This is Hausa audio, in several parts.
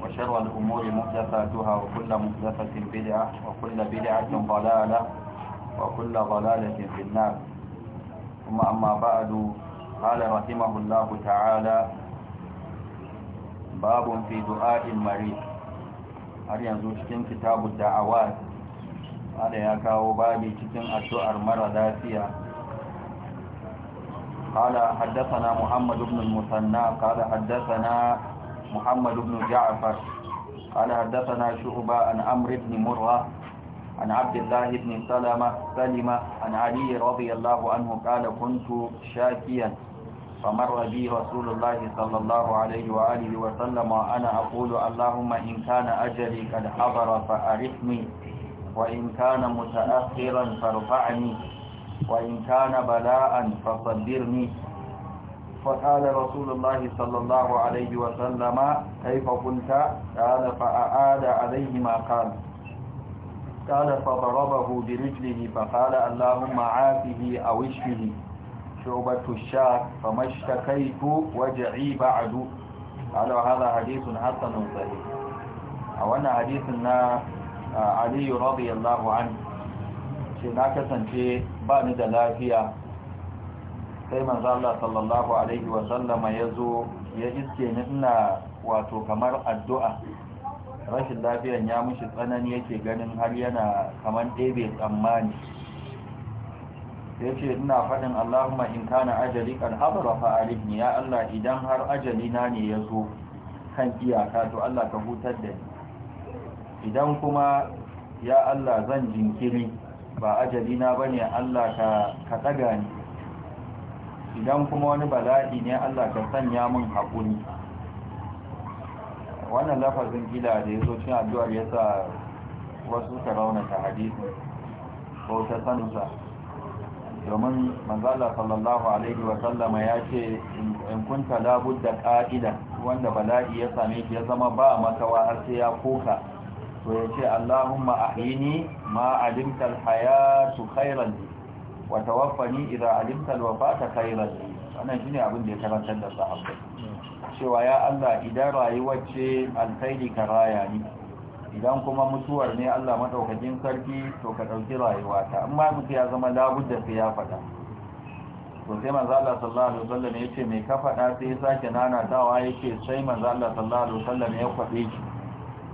وشر الأمور محدثاتها وكل محدثة بدعة وكل بدعة ضلالة وكل ضلالة في النار ثم أما بعد قال رحمه الله تعالى باب في دعاء المريض har yanzu cikin kitabu da'awat wanda ya kawo babi cikin addu'ar mara lafiya قال حدثنا محمد بن المثنى قال حدثنا محمد بن جعفر قال حدثنا شعبة عن عمرو بن مرة عن عبد الله بن سلمة سلمة عن علي رضي الله عنه قال كنت شاكيا فمر بي رسول الله صلى الله عليه وآله وسلم وأنا أقول اللهم إن كان أجلي قد حضر فأرحني وإن كان متأخرا فارفعني وإن كان بلاء فصبرني فقال رسول الله صلى الله عليه وسلم كيف كنت قال فأعاد عليه ما قال قال فضربه برجله فقال اللهم عافه أو اشفه شعبة الشاك فما اشتكيت وجعي بعد قال هذا حديث حسن صحيح وانا حديثنا علي رضي الله عنه شناكسا في بان دلافية sai manzo Allah sallallahu alaihi wa sallama yazo ya iske ni ina wato kamar addu'a rashin lafiyan ya mushi tsanani yake ganin har yana kamar ɗebe tsammani ya ce ina faɗin allahumma in kana ajali kan haɓara fa'arif ya allah idan har ajali na ne ya zo kan iyaka to allah ka hutar da ni idan kuma ya allah zan jinkiri ba ajali na ba ne allah ka ɗaga ni idan kuma wani bala'i ne Allah ka sanya mun haƙuri wannan lafazin gida da ya zo cin addu'ar ya sa wasu ka raunata hadisun ko ta sanusa domin manzala sallallahu alaihi wasallama ya ce in kunta labud da ƙa'ida wanda bala'i ya same ki ya zama ba matawa har sai ya koka to ya ce allahumma ahini ma alimtal hayatu khairan wa tawaffani idza alimta alwafata khairan wannan shine abin da ya karantar da sahabbai cewa ya Allah idan rayuwar ce alkhairi ka raya ni idan kuma mutuwar ne Allah madaukakin sarki to ka dauki rayuwata amma mutu ya zama labudda sai ya fada to sai manzo Allah sallallahu alaihi wasallam yace me ka fada sai ya sake tawa yake sai manzo Allah sallallahu alaihi wasallam ya kwabe shi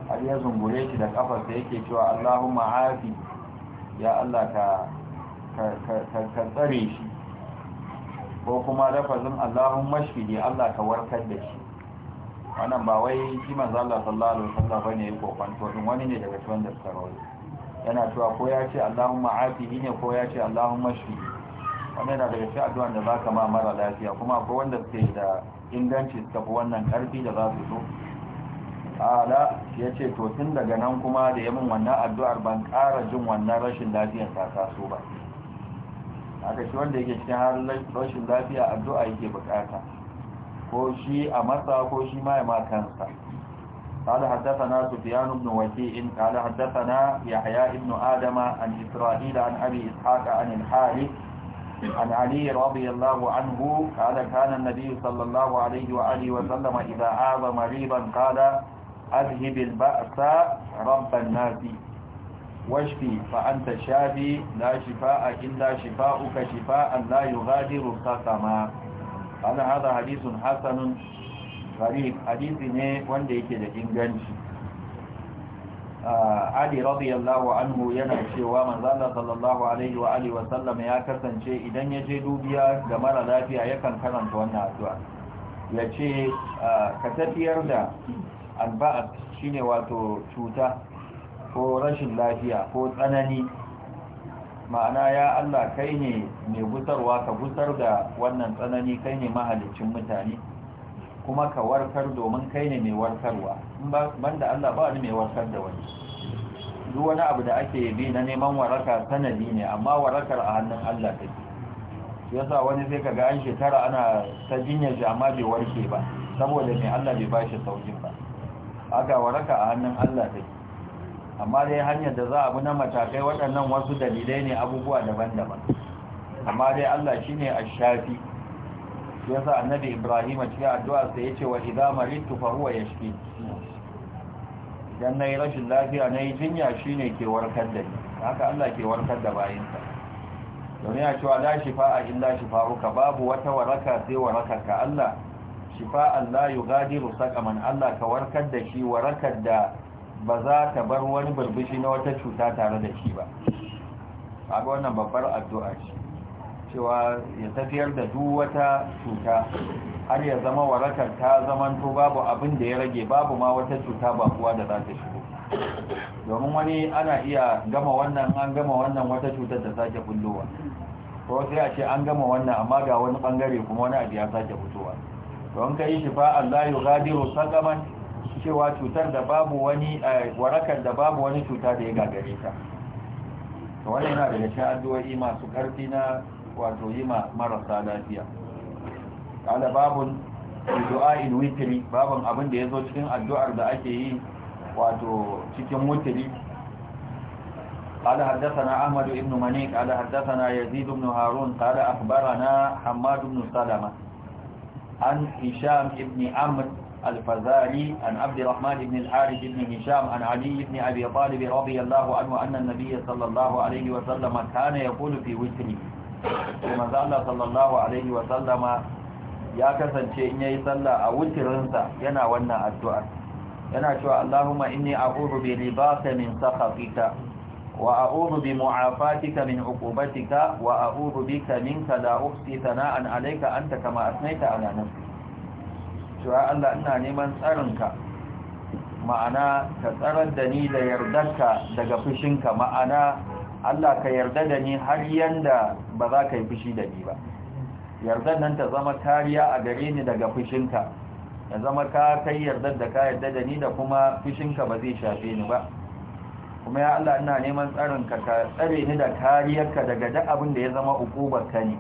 har ya zungure shi da sai yake cewa Allahumma afi ya Allah ka ka tsare shi ko kuma lafazin allahun ne allah ka warkar da shi wannan ba wai shi manzo Allah sallallahu alaihi wasallam bane ya kokanto din wani ne daga cikin daskarori yana cewa ko ya ce allahumma ma'afi ne ko ya ce allahumma shfi wannan yana daga cikin addu'an da ka ma mara lafiya kuma ko wanda suke da inganci suka fi wannan karfi da za su so ala ya ce to tun daga nan kuma da yamin wannan addu'ar ban ƙara jin wannan rashin lafiyar ta taso ba haka shi wanda yake cikin halin rashin lafiya addu'a yake bukata ko shi a matsa ko shi ma ya ma kansa قال حدثنا سفيان بن وكيع قال حدثنا يحيى بن آدم عن إسرائيل عن أبي إسحاق عن الحارث عن علي رضي الله عنه قال كان النبي صلى الله عليه وآله وسلم إذا عاض مريضا قال أذهب البأس رب الناس واشفي فأنت شافي لا شفاء إلا شفاءك شفاء لا يغادر سقما هذا هذا حديث حسن غريب حديث ne wanda yake da inganci Ali radiyallahu anhu yana cewa manzala sallallahu alaihi wa alihi wa sallam ya kasance idan ya je dubiya ga mara lafiya yakan karanta wannan addu'a yace ka tafiyar da alba'at shine wato cuta ko rashin lafiya ko tsanani ma'ana ya Allah kai ne mai gusarwa ka gusar da wannan tsanani kai ne mahalicin mutane kuma ka warkar domin kai ne mai warkarwa banda Allah ba wani mai warkar da wani duk wani abu da ake bi na neman waraka sanadi ne amma warakar a hannun Allah take yasa wani sai kaga an shekara ana ta jinya shi bai warke ba saboda mai Allah bai ba shi saukin ba aka waraka a hannun Allah take amma dai hanyar da za a bi na matakai waɗannan wasu dalilai ne abubuwa daban-daban amma dai Allah shi ne a shafi Ya sa annabi Ibrahim a cikin addu'a sai ya ce wa idza maridtu fa huwa yashfi idan yi rashin lafiya na yi jinya shi ne ke warkar da ni haka Allah ke warkar da bayinsa domin ya cewa la shifa'a illa shifa'uka babu wata waraka sai waraka ka Allah shifa'an la yughadiru saqaman Allah ka warkar da shi warakar da ba za ta bar wani burbushi na wata cuta tare da shi ba a ga wannan babbar addu'a ce cewa ya tafiyar da duk wata cuta har ya zama warakar ta zamanto babu abin da ya rage babu ma wata cuta ba kuwa da za ta shigo domin wani ana iya gama wannan an gama wannan wata cutar da sake bullowa ko sai a ce an gama wannan amma ga wani bangare kuma wani abu ya sake fitowa don ka yi shifa Allah ya gadiru sagaman cewa cutar da babu wani warakar da babu wani cuta da ya gagare ta to wannan yana daga cikin addu'o'i masu ƙarfi na wato yi marasa lafiya babu babun in witri babun abin da yazo cikin addu'ar da ake yi wato cikin witri قال حدثنا أحمد بن منيك قال حدثنا يزيد بن هارون قال أخبرنا حماد ibn salama an isham بن amr الفزاري عن عبد الرحمن بن الحارث بن هشام عن علي بن أبي طالب رضي الله عنه أن النبي صلى الله عليه وسلم كان يقول في وتره كما قال صلى الله عليه وسلم يا كسن شيء يصلى أو وترنسا ينا ونا الدعاء ينا شو اللهم إني أعوذ بلباس من سخطك وأعوذ بمعافاتك من عقوبتك وأعوذ بك منك لا أحصي ثناء عليك أنت كما أثنيت على نفسك cewa Allah ina neman tsarinka ma'ana ka tsarar da ni da yardarka daga fushinka ma'ana Allah ka yarda da ni har yanda ba za ka yi fushi da ni ba yardar nan ta zama kariya a gare ni daga fushinka ya zama ka kai yardar da ka yarda da ni da kuma fushinka ba zai shafe ni ba kuma ya Allah ina neman tsarinka ka tsare ni da kariyarka daga duk abin da ya zama ka ne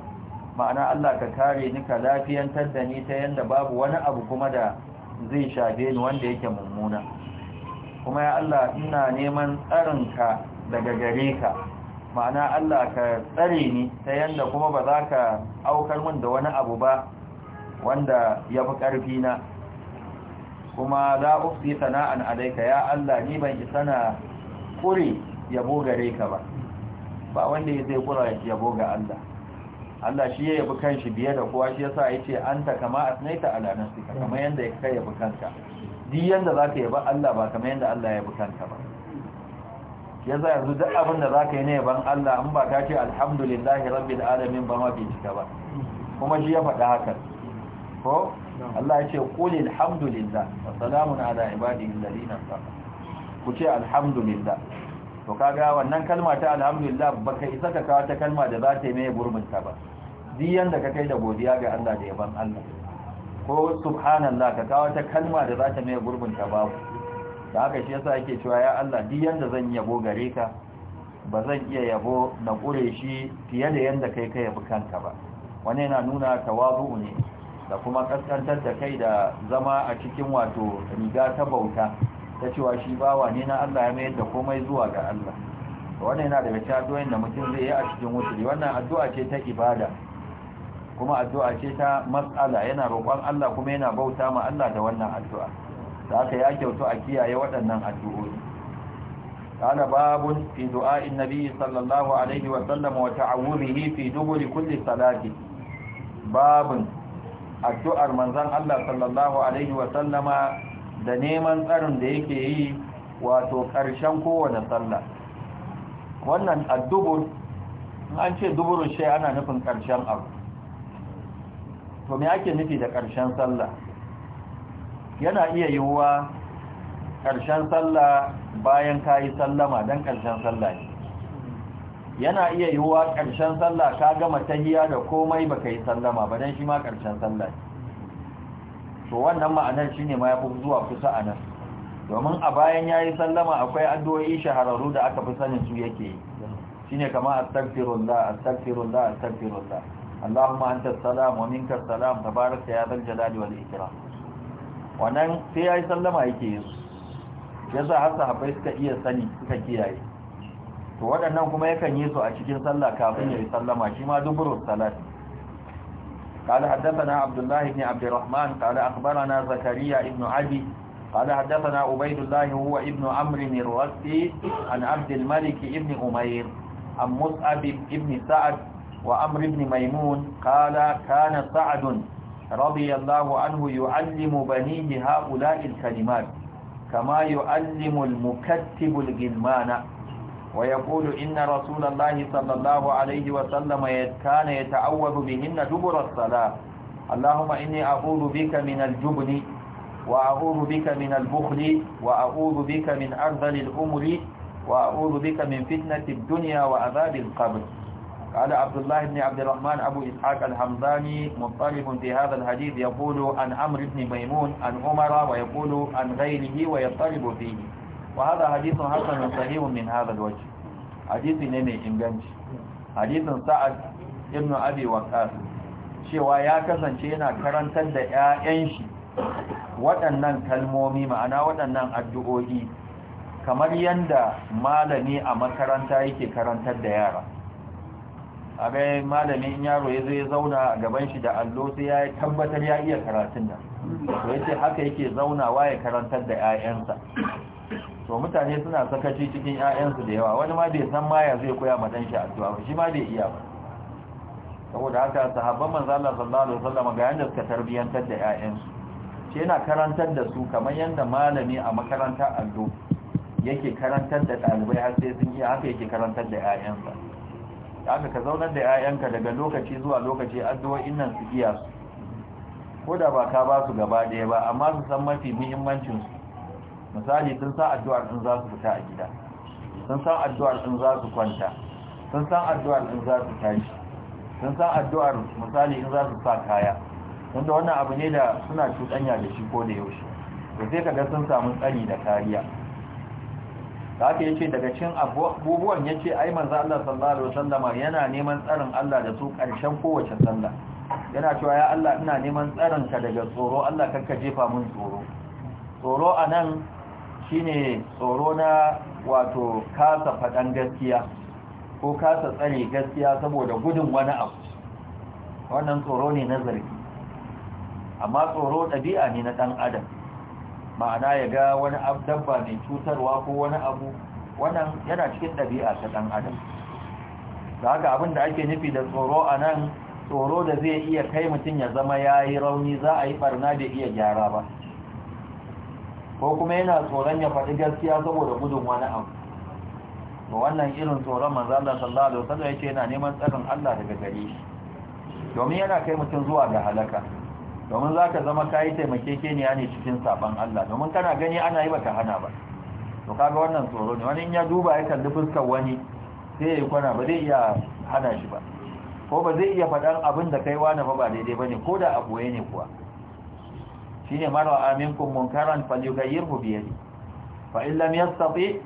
ma'ana Allah ka kare ni ka lafiyantar da ni ta yanda babu wani abu kuma da zai shafe ni wanda yake mummuna kuma ya Allah ina neman tsarinka daga gare ka ma'ana Allah ka tsare ni ta yanda kuma ba za ka aukar min da wani abu ba wanda ya fi ƙarfi na kuma za ku fi sana'an alaika ya Allah ni ban isa na kure yabo gare ka ba ba wanda ya zai kura yabo ga Allah Allah shi ya yabi kanshi biye da kowa shi yasa yace anta kama asnaita ala nafsika kamar yanda kai yabi kanka duk yanda zaka yabi Allah ba kamar yanda Allah ya yabi kanka ba yasa yanzu duk abin da zaka yi ne yaban Allah in ba ka ce alhamdulillahi rabbil alamin ba ma bai cika ba kuma shi ya faɗa haka ko Allah ya ce qul alhamdulillah wa salamun ala ibadihi alladhina ku ce alhamdulillah to kaga wannan kalma ta alhamdulillah baka isa ka kawo ta kalma da za ta yi mai gurbinta ba di yanda ka kai da godiya ga Allah da yaban Allah ko subhanallah ka kawo ta kalma da za ta mai gurbinta ba da haka shi yasa yake cewa ya Allah di yanda zan yabo gare ka ba zan iya yabo na kure shi fiye da yadda kai ka yabi kanka ba wani yana nuna tawazu ne da kuma kaskantar da kai da zama a cikin wato riga ta bauta ta cewa shi bawa ne na Allah ya mayar da komai zuwa ga Allah wannan yana daga cikin da mutum zai yi a cikin wuturi wannan addu'a ce ta ibada kuma addu'a ce ta mas'ala yana roƙon Allah kuma yana bauta ma Allah da wannan addu'a da aka ya kyautu a kiyaye waɗannan addu'o'i قال باب في دعاء النبي صلى الله عليه وسلم وتعوذه في دبر كل صلاة باب addu'ar manzan Allah sallallahu Alaihi wasallama da neman tsarin da yake yi wato ƙarshen kowane sallah wannan addubur an ce duburun shi ana nufin ƙarshen abu to me ake nufi da ƙarshen sallah yana iya yiwuwa ƙarshen sallah bayan ka yi sallama don ƙarshen sallah ne yana iya yiwuwa ƙarshen sallah ka gama tahiya da komai baka yi sallama ba don shi ma ƙarshen sallah ne to wannan ma'anar shine ma yafi zuwa kusa a nan domin a bayan yayi sallama akwai addu'o'i shahararru da aka fi sanin su yake yi shine kamar astaghfirullah astaghfirullah astaghfirullah Allahumma anta as-salam wa minka as-salam tabaraka ya dal jalali wal ikram wannan sai yayi sallama yake yi yasa har sahabbai suka iya sani suka kiyaye to waɗannan kuma yakan yi su a cikin sallah kafin ya yi sallama shi ma duburus salati قال حدثنا عبد الله بن عبد الرحمن قال أخبرنا زكريا بن عدي قال حدثنا عبيد الله هو ابن عمرو الرسي عن عبد الملك بن أمير عن مصعب بن سعد وعمر بن ميمون قال كان سعد رضي الله عنه يعلم بنيه هؤلاء الكلمات كما يعلم المكتب الغلمان ويقول إن رسول الله صلى الله عليه وسلم كان يتعوذ بهن دبر الصلاة اللهم إني أعوذ بك من الجبن وأعوذ بك من البخل وأعوذ بك من أرذل الأمر وأعوذ بك من فتنة الدنيا وعذاب القبر قال عبد الله بن عبد الرحمن أبو إسحاق الحمداني مطالب في هذا الحديث يقول عن عمرو بن ميمون عن عمر ويقول عن غيره ويطالب فيه wa hada hadithun hasanun min hada alwajh hadisi ne mai inganci hadisin sa'ad ibn abi cewa ya kasance yana karantar da ƴaƴan shi waɗannan kalmomi ma'ana waɗannan addu'o'i kamar yanda malami a makaranta yake karantar da yara malami malamin yaro ya zai zauna a gaban shi da allo sai ya tabbatar ya iya karatun nan to yace haka yake zaunawa ya karantar da ƴaƴansa to mutane suna sakaci cikin 'ya'yansu da yawa wani ma bai san maya zai koya ma dan shi addu'a shi ma bai iya ba saboda haka sahabban manzo Allah sallallahu alaihi wasallam ga yanda suka tarbiyantar da ƴaƴansu shi yana karantar da su kamar yanda malami a makarantar allo yake karantar da ɗalibai har sai sun iya haka yake karantar da ƴaƴansa haka ka zaunar da 'ya'yanka daga lokaci zuwa lokaci addu'o'in nan su iya su ko da ba ka ba su gaba ɗaya ba amma su san mafi muhimmancin misali sun san addu'ar sun za su fita a gida sun san addu'ar sun za su kwanta sun san addu'ar sun za su tashi sun san addu'ar misali in za su sa kaya da wannan abu ne da suna cutanya da shi ko da yaushe to sai kaga sun samu tsari da kariya da haka yace daga cikin abubuwan yace ai manzo Allah sallallahu alaihi wasallama yana neman tsarin Allah da su ƙarshen kowace sallah yana cewa ya Allah ina neman tsarin ka daga tsoro Allah kanka jefa mun tsoro tsoro anan shine tsoro na wato kasa faɗan gaskiya ko kasa tsare gaskiya saboda gudun wani abu wannan tsoro ne na zargi amma tsoro ɗabi'a ne na ɗan adam ma'ana ya ga wani dabba mai cutarwa ko wani abu wannan yana cikin ɗabi'a ta ɗan adam da haka abin da ake nufi da tsoro a nan tsoro da zai iya kai mutum ya zama ya yi rauni za a yi ɓarna bai iya gyara ba ko kuma yana tsoron ya faɗi gaskiya saboda gudun wani abu ba wannan irin tsoron manzan da sallallahu alaihi ya yace yana neman tsarin Allah daga gare shi domin yana kai mutum zuwa ga halaka domin za ka zama kai taimakekeniya ne cikin saban Allah domin kana gani ana yi baka hana ba to kaga wannan tsoro ne wani in ya duba ya kalli fuskar wani sai ya kwana ba zai iya hana shi ba ko ba zai iya faɗan abin da kai wani ba ba daidai ba ne, ko da a ne kuwa shine marwa aminkum munkaran falyughayyirhu bi yadihi fa in lam yastati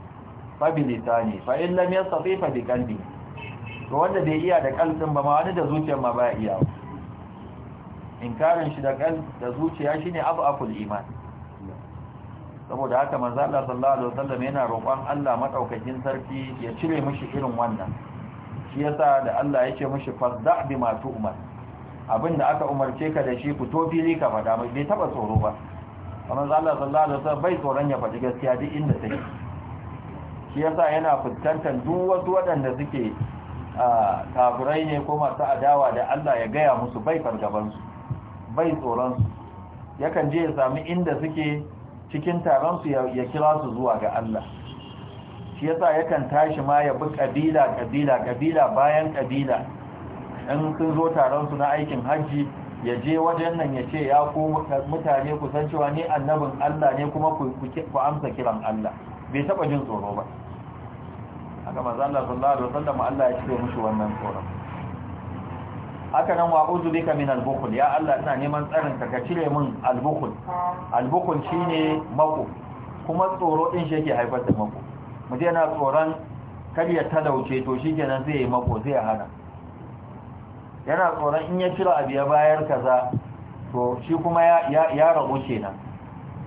fa bi lisani fa in lam yastati fa to wanda bai iya da kalbin ba ma wani da zuciyar ma ba iya inkarin shi da kal da zuciya shine abu aful iman saboda haka manzo Allah sallallahu alaihi wasallam yana roƙon Allah madaukakin sarki ya cire mishi irin wannan shi yasa da Allah yake mishi fazda bima tu'mar abin da aka umarce ka da shi fito fili ka fada mai bai taɓa tsoro ba kamar zala sallallahu alaihi wasallam bai tsoron ya faɗi gaskiya duk inda take shi yasa yana fuskantar duk wasu waɗanda suke kafirai ne ko masu adawa da Allah ya gaya musu bai fargabansu bai tsoronsu yakan je ya sami inda suke cikin taronsu ya kira su zuwa ga Allah shi yasa yakan tashi ma ya bi kabila kabila kabila bayan kabila in sun zo taron su na aikin hajji ya je wajen nan ya ce ya ku mutane ku san cewa ni annabin Allah ne kuma ku amsa kiran Allah bai taba jin tsoro ba haka manzo Allah sallallahu alaihi wasallam Allah ya cire mushi wannan tsoron haka nan wa bika min al-bukhl ya Allah ina neman tsarin ka ka cire min al-bukhl al-bukhl shine mako kuma tsoro din shi yake haifar da mako mu je na tsoron kar ya talauce to shikenan zai yi mako zai hana yana tsoron in ya cire abu ya bayar kaza to shi kuma ya rabu kenan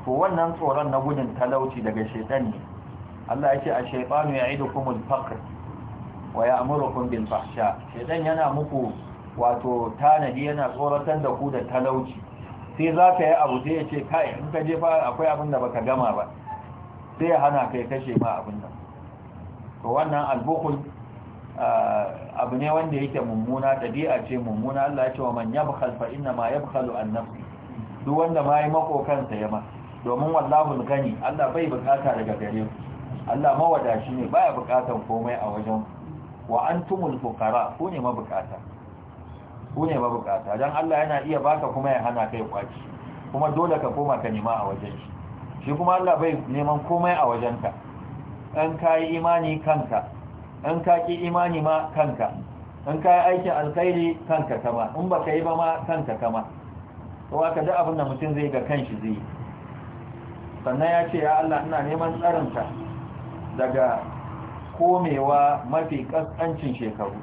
to wannan tsoron na gudun talauci daga shaitan ne Allah ya ce a shaitanu ya idu kumul fakr wa ya amurukun bil fahsha shaitan yana muku wato tanadi yana tsoratar da ku da talauci sai za ka yi abu sai ya ce kai in ka jefa akwai abin da baka gama ba sai ya hana kai kashe ma abin nan to wannan albukul abu ne wanda yake mummuna dabi'a ce mummuna Allah ya ce wa man yabkhal fa inna ma yabkhalu an nafsi duk wanda ma yi makokansa ya ma domin wallahu gani Allah bai bukata daga gare ku Allah mawadashi ne baya bukatan komai a wajen wa antumul fuqara ku ne mabukata ku ne mabukata dan Allah yana iya baka kuma ya hana kai kwaci kuma dole ka koma ka nema a wajen shi shi kuma Allah bai neman komai a wajenka dan kai imani kanka in ka ki imani ma kanka in ka yi aikin alkhairi kanka kama in baka yi ba ma kanka kama to ka da abin da mutum zai ga kanshi zai sannan ya ce ya Allah ina neman tsarinka daga komewa mafi kaskancin shekaru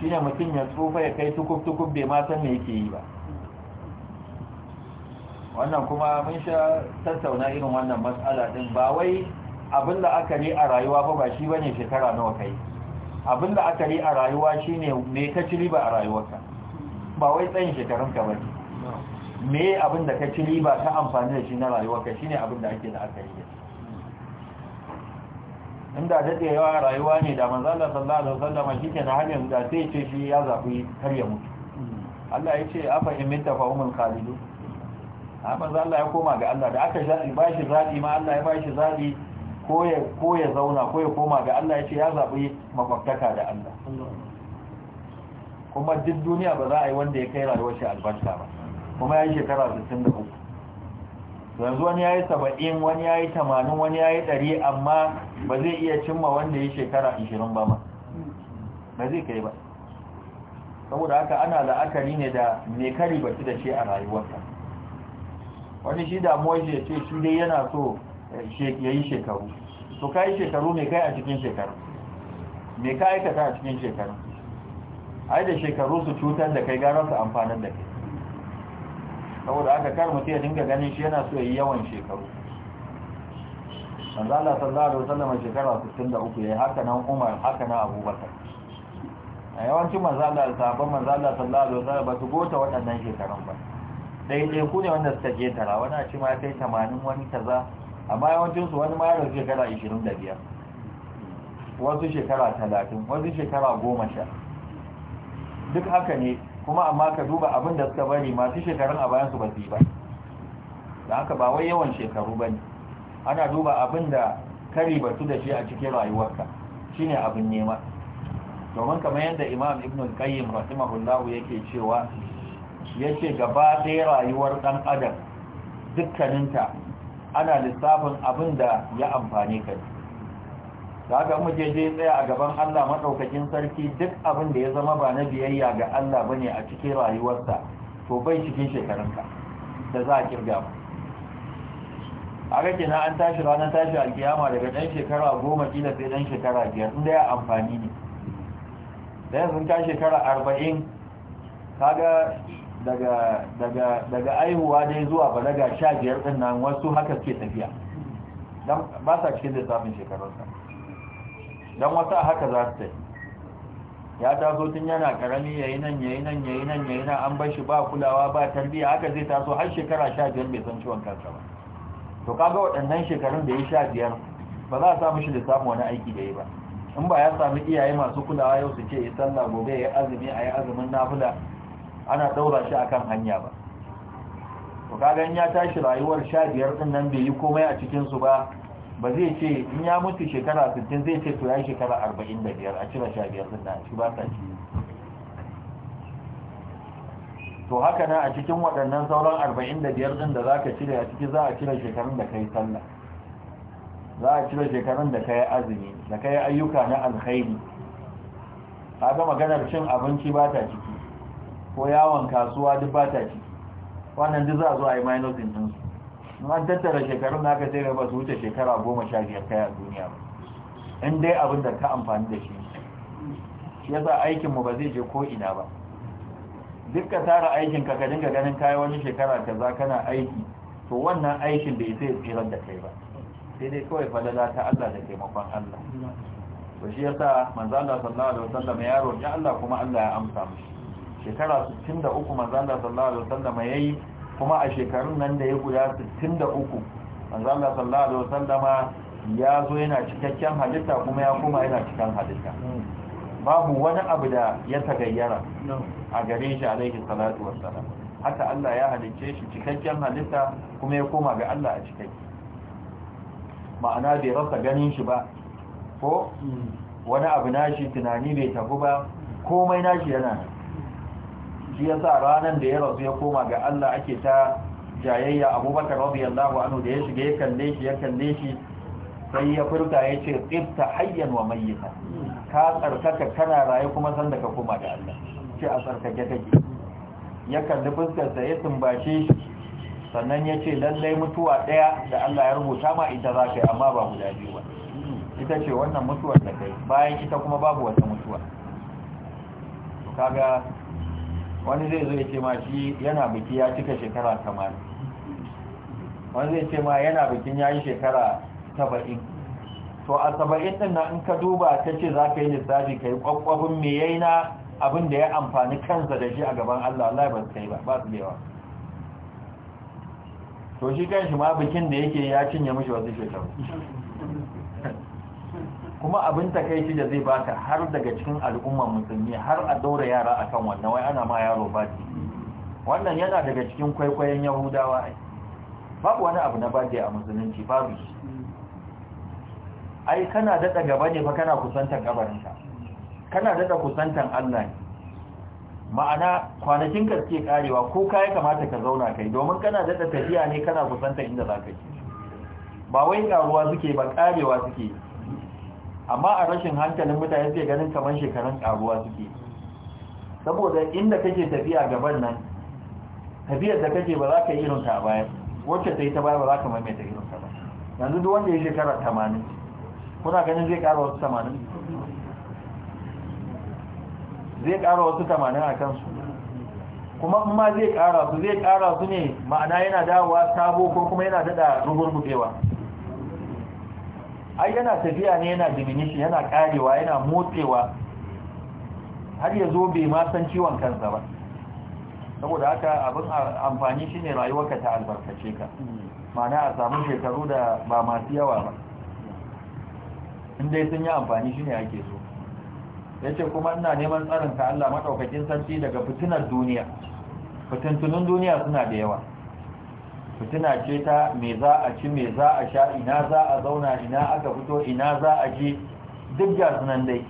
shine mutum ya tsufa ya kai tukuf tukuf bai ma san me yake yi ba wannan kuma mun sha tattauna irin wannan matsala din ba wai abinda aka ne a rayuwa ba shi bane shekara nawa kai abinda aka ne a rayuwa shine me ka ci riba a rayuwarka ba wai tsayin shekarun ka bane me abinda ka ci riba ka amfani da shi na rayuwarka shine abinda ake da aka yi inda a rayuwa ne da manzo Allah sallallahu alaihi wasallam shike na hanyar da sai ce shi ya zafi har ya mutu Allah ya ce afa imita fa umul khalidu amma Allah ya koma ga Allah da aka ba shi zabi ma Allah ya ba shi zabi ko ya zauna ko ya koma ga Allah ya ce ya zaɓi makwabtaka da Allah kuma duk duniya ba za a yi wanda ya kai rayuwar shi albarka ba kuma ya yi shekara 63 yanzu wani ya yi 70 wani ya yi 80 wani ya yi 100 amma ba zai iya cimma wanda ya shekara 20 ba ma ba zai kai ba saboda haka ana la'akari ne da me kari shi da shi a rayuwarsa wani shi damuwa shi ya ce shi dai yana so ya yi shekaru to ka yi shekaru mai kai a cikin shekaru mai ka aikata a cikin shekaru ai da shekaru su cutar da kai gara su amfanin da kai saboda aka kar mu ya dinga ganin shi yana so ya yi yawan shekaru manzo Allah sallallahu alaihi wasallam shekara 63 yayi haka nan Umar haka nan Abubakar a yawancin manzo Allah sabon manzo Allah sallallahu alaihi wasallam ba su gota waɗannan shekarun ba dai dai ku ne wanda suka je tara wani a ce kai 80 wani kaza amma yawancin su wani ma ya shekara 25 wasu shekara 30 wasu shekara 10 duk haka ne kuma amma ka duba abin da suka bari masu shekarun a bayan su ba su yi ba da haka ba wai yawan shekaru ba ne ana duba abin da kari su da shi a cikin rayuwarka shine abin nema domin kamar yadda imam ibn al-qayyim rahimahullahu yake cewa yace gaba ɗaya rayuwar ɗan adam dukkaninta ana lissafin abin da ya amfane ka da haka muke je tsaya a gaban Allah madaukakin sarki duk abin da ya zama ba na biyayya ga Allah bane a cikin rayuwarsa to bai cikin shekarunka da za a kirga mu haka kenan an tashi ranar tashi alkiyama daga ɗan shekara goma kila sai ɗan shekara biyar inda ya amfani ne da yanzu ta shekara arba'in kaga daga daga daga aihuwa dai zuwa balaga 15 din nan wasu haka suke tafiya dan ba sa cikin lissafin shekarunsa dan wata haka za su tafi ya taso tun yana karami yayi nan yayi nan yayi nan yayi nan an bar shi ba kulawa ba tarbiya haka zai taso har shekara 15 bai san ciwon kansa ba to kaga waɗannan shekarun da ya 15 ba za a samu shi lissafin wani aiki da yi ba in ba ya sami iyaye masu kulawa yau su ce ya sallah gobe ya azumi a yi azumin nafila ana ɗaura shi akan hanya ba to kagan ya tashi rayuwar sha biyar ɗin nan bai yi komai a cikinsu ba ba zai ce in ya mutu shekara 60 zai ce to ya yi shekara 45 a cire sha biyar ɗin nan shi ba ta ci to haka nan a cikin waɗannan sauran 45 ɗin da za ka cire a ciki za a cire shekarun da ka yi sallah za a cire shekarun da ka yi azumi da ka yi ayyuka na alkhairi Ka ga maganar cin abinci ba ta ciki ko yawon kasuwa duk ba ta ciki wannan duk za a zo a yi minus din su in an tattara shekarun naka sai ba su wuce shekara goma sha biyar kai a duniya ba in dai abin da ka amfani da shi shi sa aikin mu ba zai je ko ina ba duk ka tara aikin ka ka dinga ganin kai wani shekara za kana aiki to wannan aikin bai sai tsirar da kai ba sai dai kawai falala ta Allah da taimakon Allah Wasu yasa manzo Allah sallallahu alaihi wasallam ya roƙi Allah kuma Allah ya amsa mishi shekara 63 manzala sallallahu alaihi wasallam yayi kuma a shekarun nan da ya guda 63 manzala sallallahu alaihi wasallam ya zo yana cikakken halitta kuma ya koma yana cikakken halitta babu wani abu da ya tagayyara a gare shi alaihi salatu wassalam haka Allah ya halicce shi cikakken halitta kuma ya koma ga Allah a cikakke ma'ana bai rasa ganin shi ba ko hmm. wani abu nashi tunani bai tafi ba komai nashi yana nan shi sa ranar da ya rasu ya koma ga Allah ake ta jayayya abubakar radiyallahu Anu da ya shiga ya kalle shi ya kalle shi sai ya furta ya ce tsibta hayyan wa mayyita ka tsarkaka kana raye kuma san ka koma da Allah ce a tsarkake take ya kalli fuskar da ya tumbace shi sannan ya ce lallai mutuwa daya da Allah ya rubuta ma ita za ka yi amma ba guda biyu ba ita ce wannan mutuwar da kai bayan ita kuma babu wata mutuwa kaga wani zai zo ya ce ma shi yana biki ya cika shekara tamanin wani zai ce ma yana bikin ya yi shekara saba'in to a saba'in din nan in ka duba ta ce za ka yi lissafi ka yi ƙwaƙwafin me ya yi na abin da ya amfani kansa da shi a gaban Allah Allah ba su kai ba ba su da yawa to shi kan shi ma bikin da yake ya cinye mishi wasu shekaru kuma abin takaici da zai baka har daga cikin al'ummar musulmi har a daura yara a kan wannan wai ana ma yaro baji wannan yana daga cikin kwaikwayon yahudawa ai babu wani abu na baji a musulunci babu shi ai kana daɗa gaba ne fa kana kusantan ka. kana daɗa kusantan Allah ne ma'ana kwanakin ka suke karewa ko ka ya kamata ka zauna kai domin kana daɗa tafiya ne kana kusantan inda za ka ba wai ƙaruwa suke ba ƙarewa suke amma a rashin hankalin mutane suke ganin kamar shekarun karuwa suke saboda inda kake tafiya gaban nan tafiyar da kake ba za ka yi irin ta baya wacce ta yi ta baya ba za ka maimaita irin ta ba yanzu duk wanda ya shekara 80 kuna ganin zai kara wasu 80 zai kara wasu 80 a kansu kuma kuma zai kara su zai kara su ne ma'ana yana dawowa sabo ko kuma yana dada rugurgubewa ai yana tafiya ne yana diminishin yana karewa yana motsewa har ya zo bai ma san ciwon kansa ba saboda haka abin amfani shine rayuwarka ta albarkace ka mana a samu shekaru da ba masu yawa ba inda sun yi amfani shi ne ake so ya ce kuma ina neman tsarin ka Allah maɗaukakin sarki daga fitinar duniya fitintunin duniya suna da yawa fitina ce ta me za a ci me za a sha ina za a zauna ina aka fito ina za a je duk ga sunan dai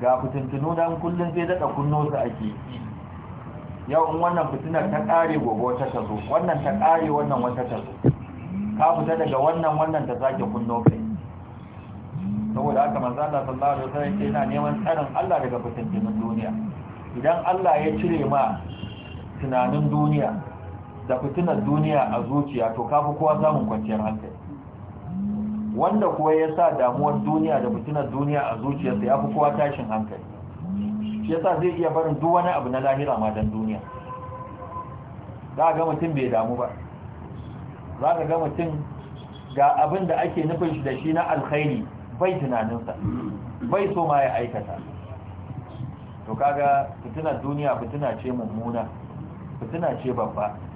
ga fitintunu dan kullum sai daɗa kunno su ake yau in wannan fitinar ta ƙare gobe wata ta zo wannan ta ƙare wannan wata ta zo ka fita daga wannan wannan ta zake kunno kai saboda haka manzo Allah sallallahu alaihi wasallam yake yana neman tsarin Allah daga fitintunin duniya idan Allah ya cire ma tunanin duniya da fitinar duniya a zuciya to kafi kowa samun kwanciyar hankali wanda kuwa ya sa damuwar duniya da fitinar duniya a zuciyarsa ya fi kowa tashin hankali shi yasa zai iya barin duk wani abu na lahira ma dan duniya za ga mutum bai damu ba za ka ga mutum ga abin da ake nufin shi da shi na alkhairi bai tunaninsa bai so ma ya aikata to kaga fitinar duniya fitina ce mummuna fitina ce babba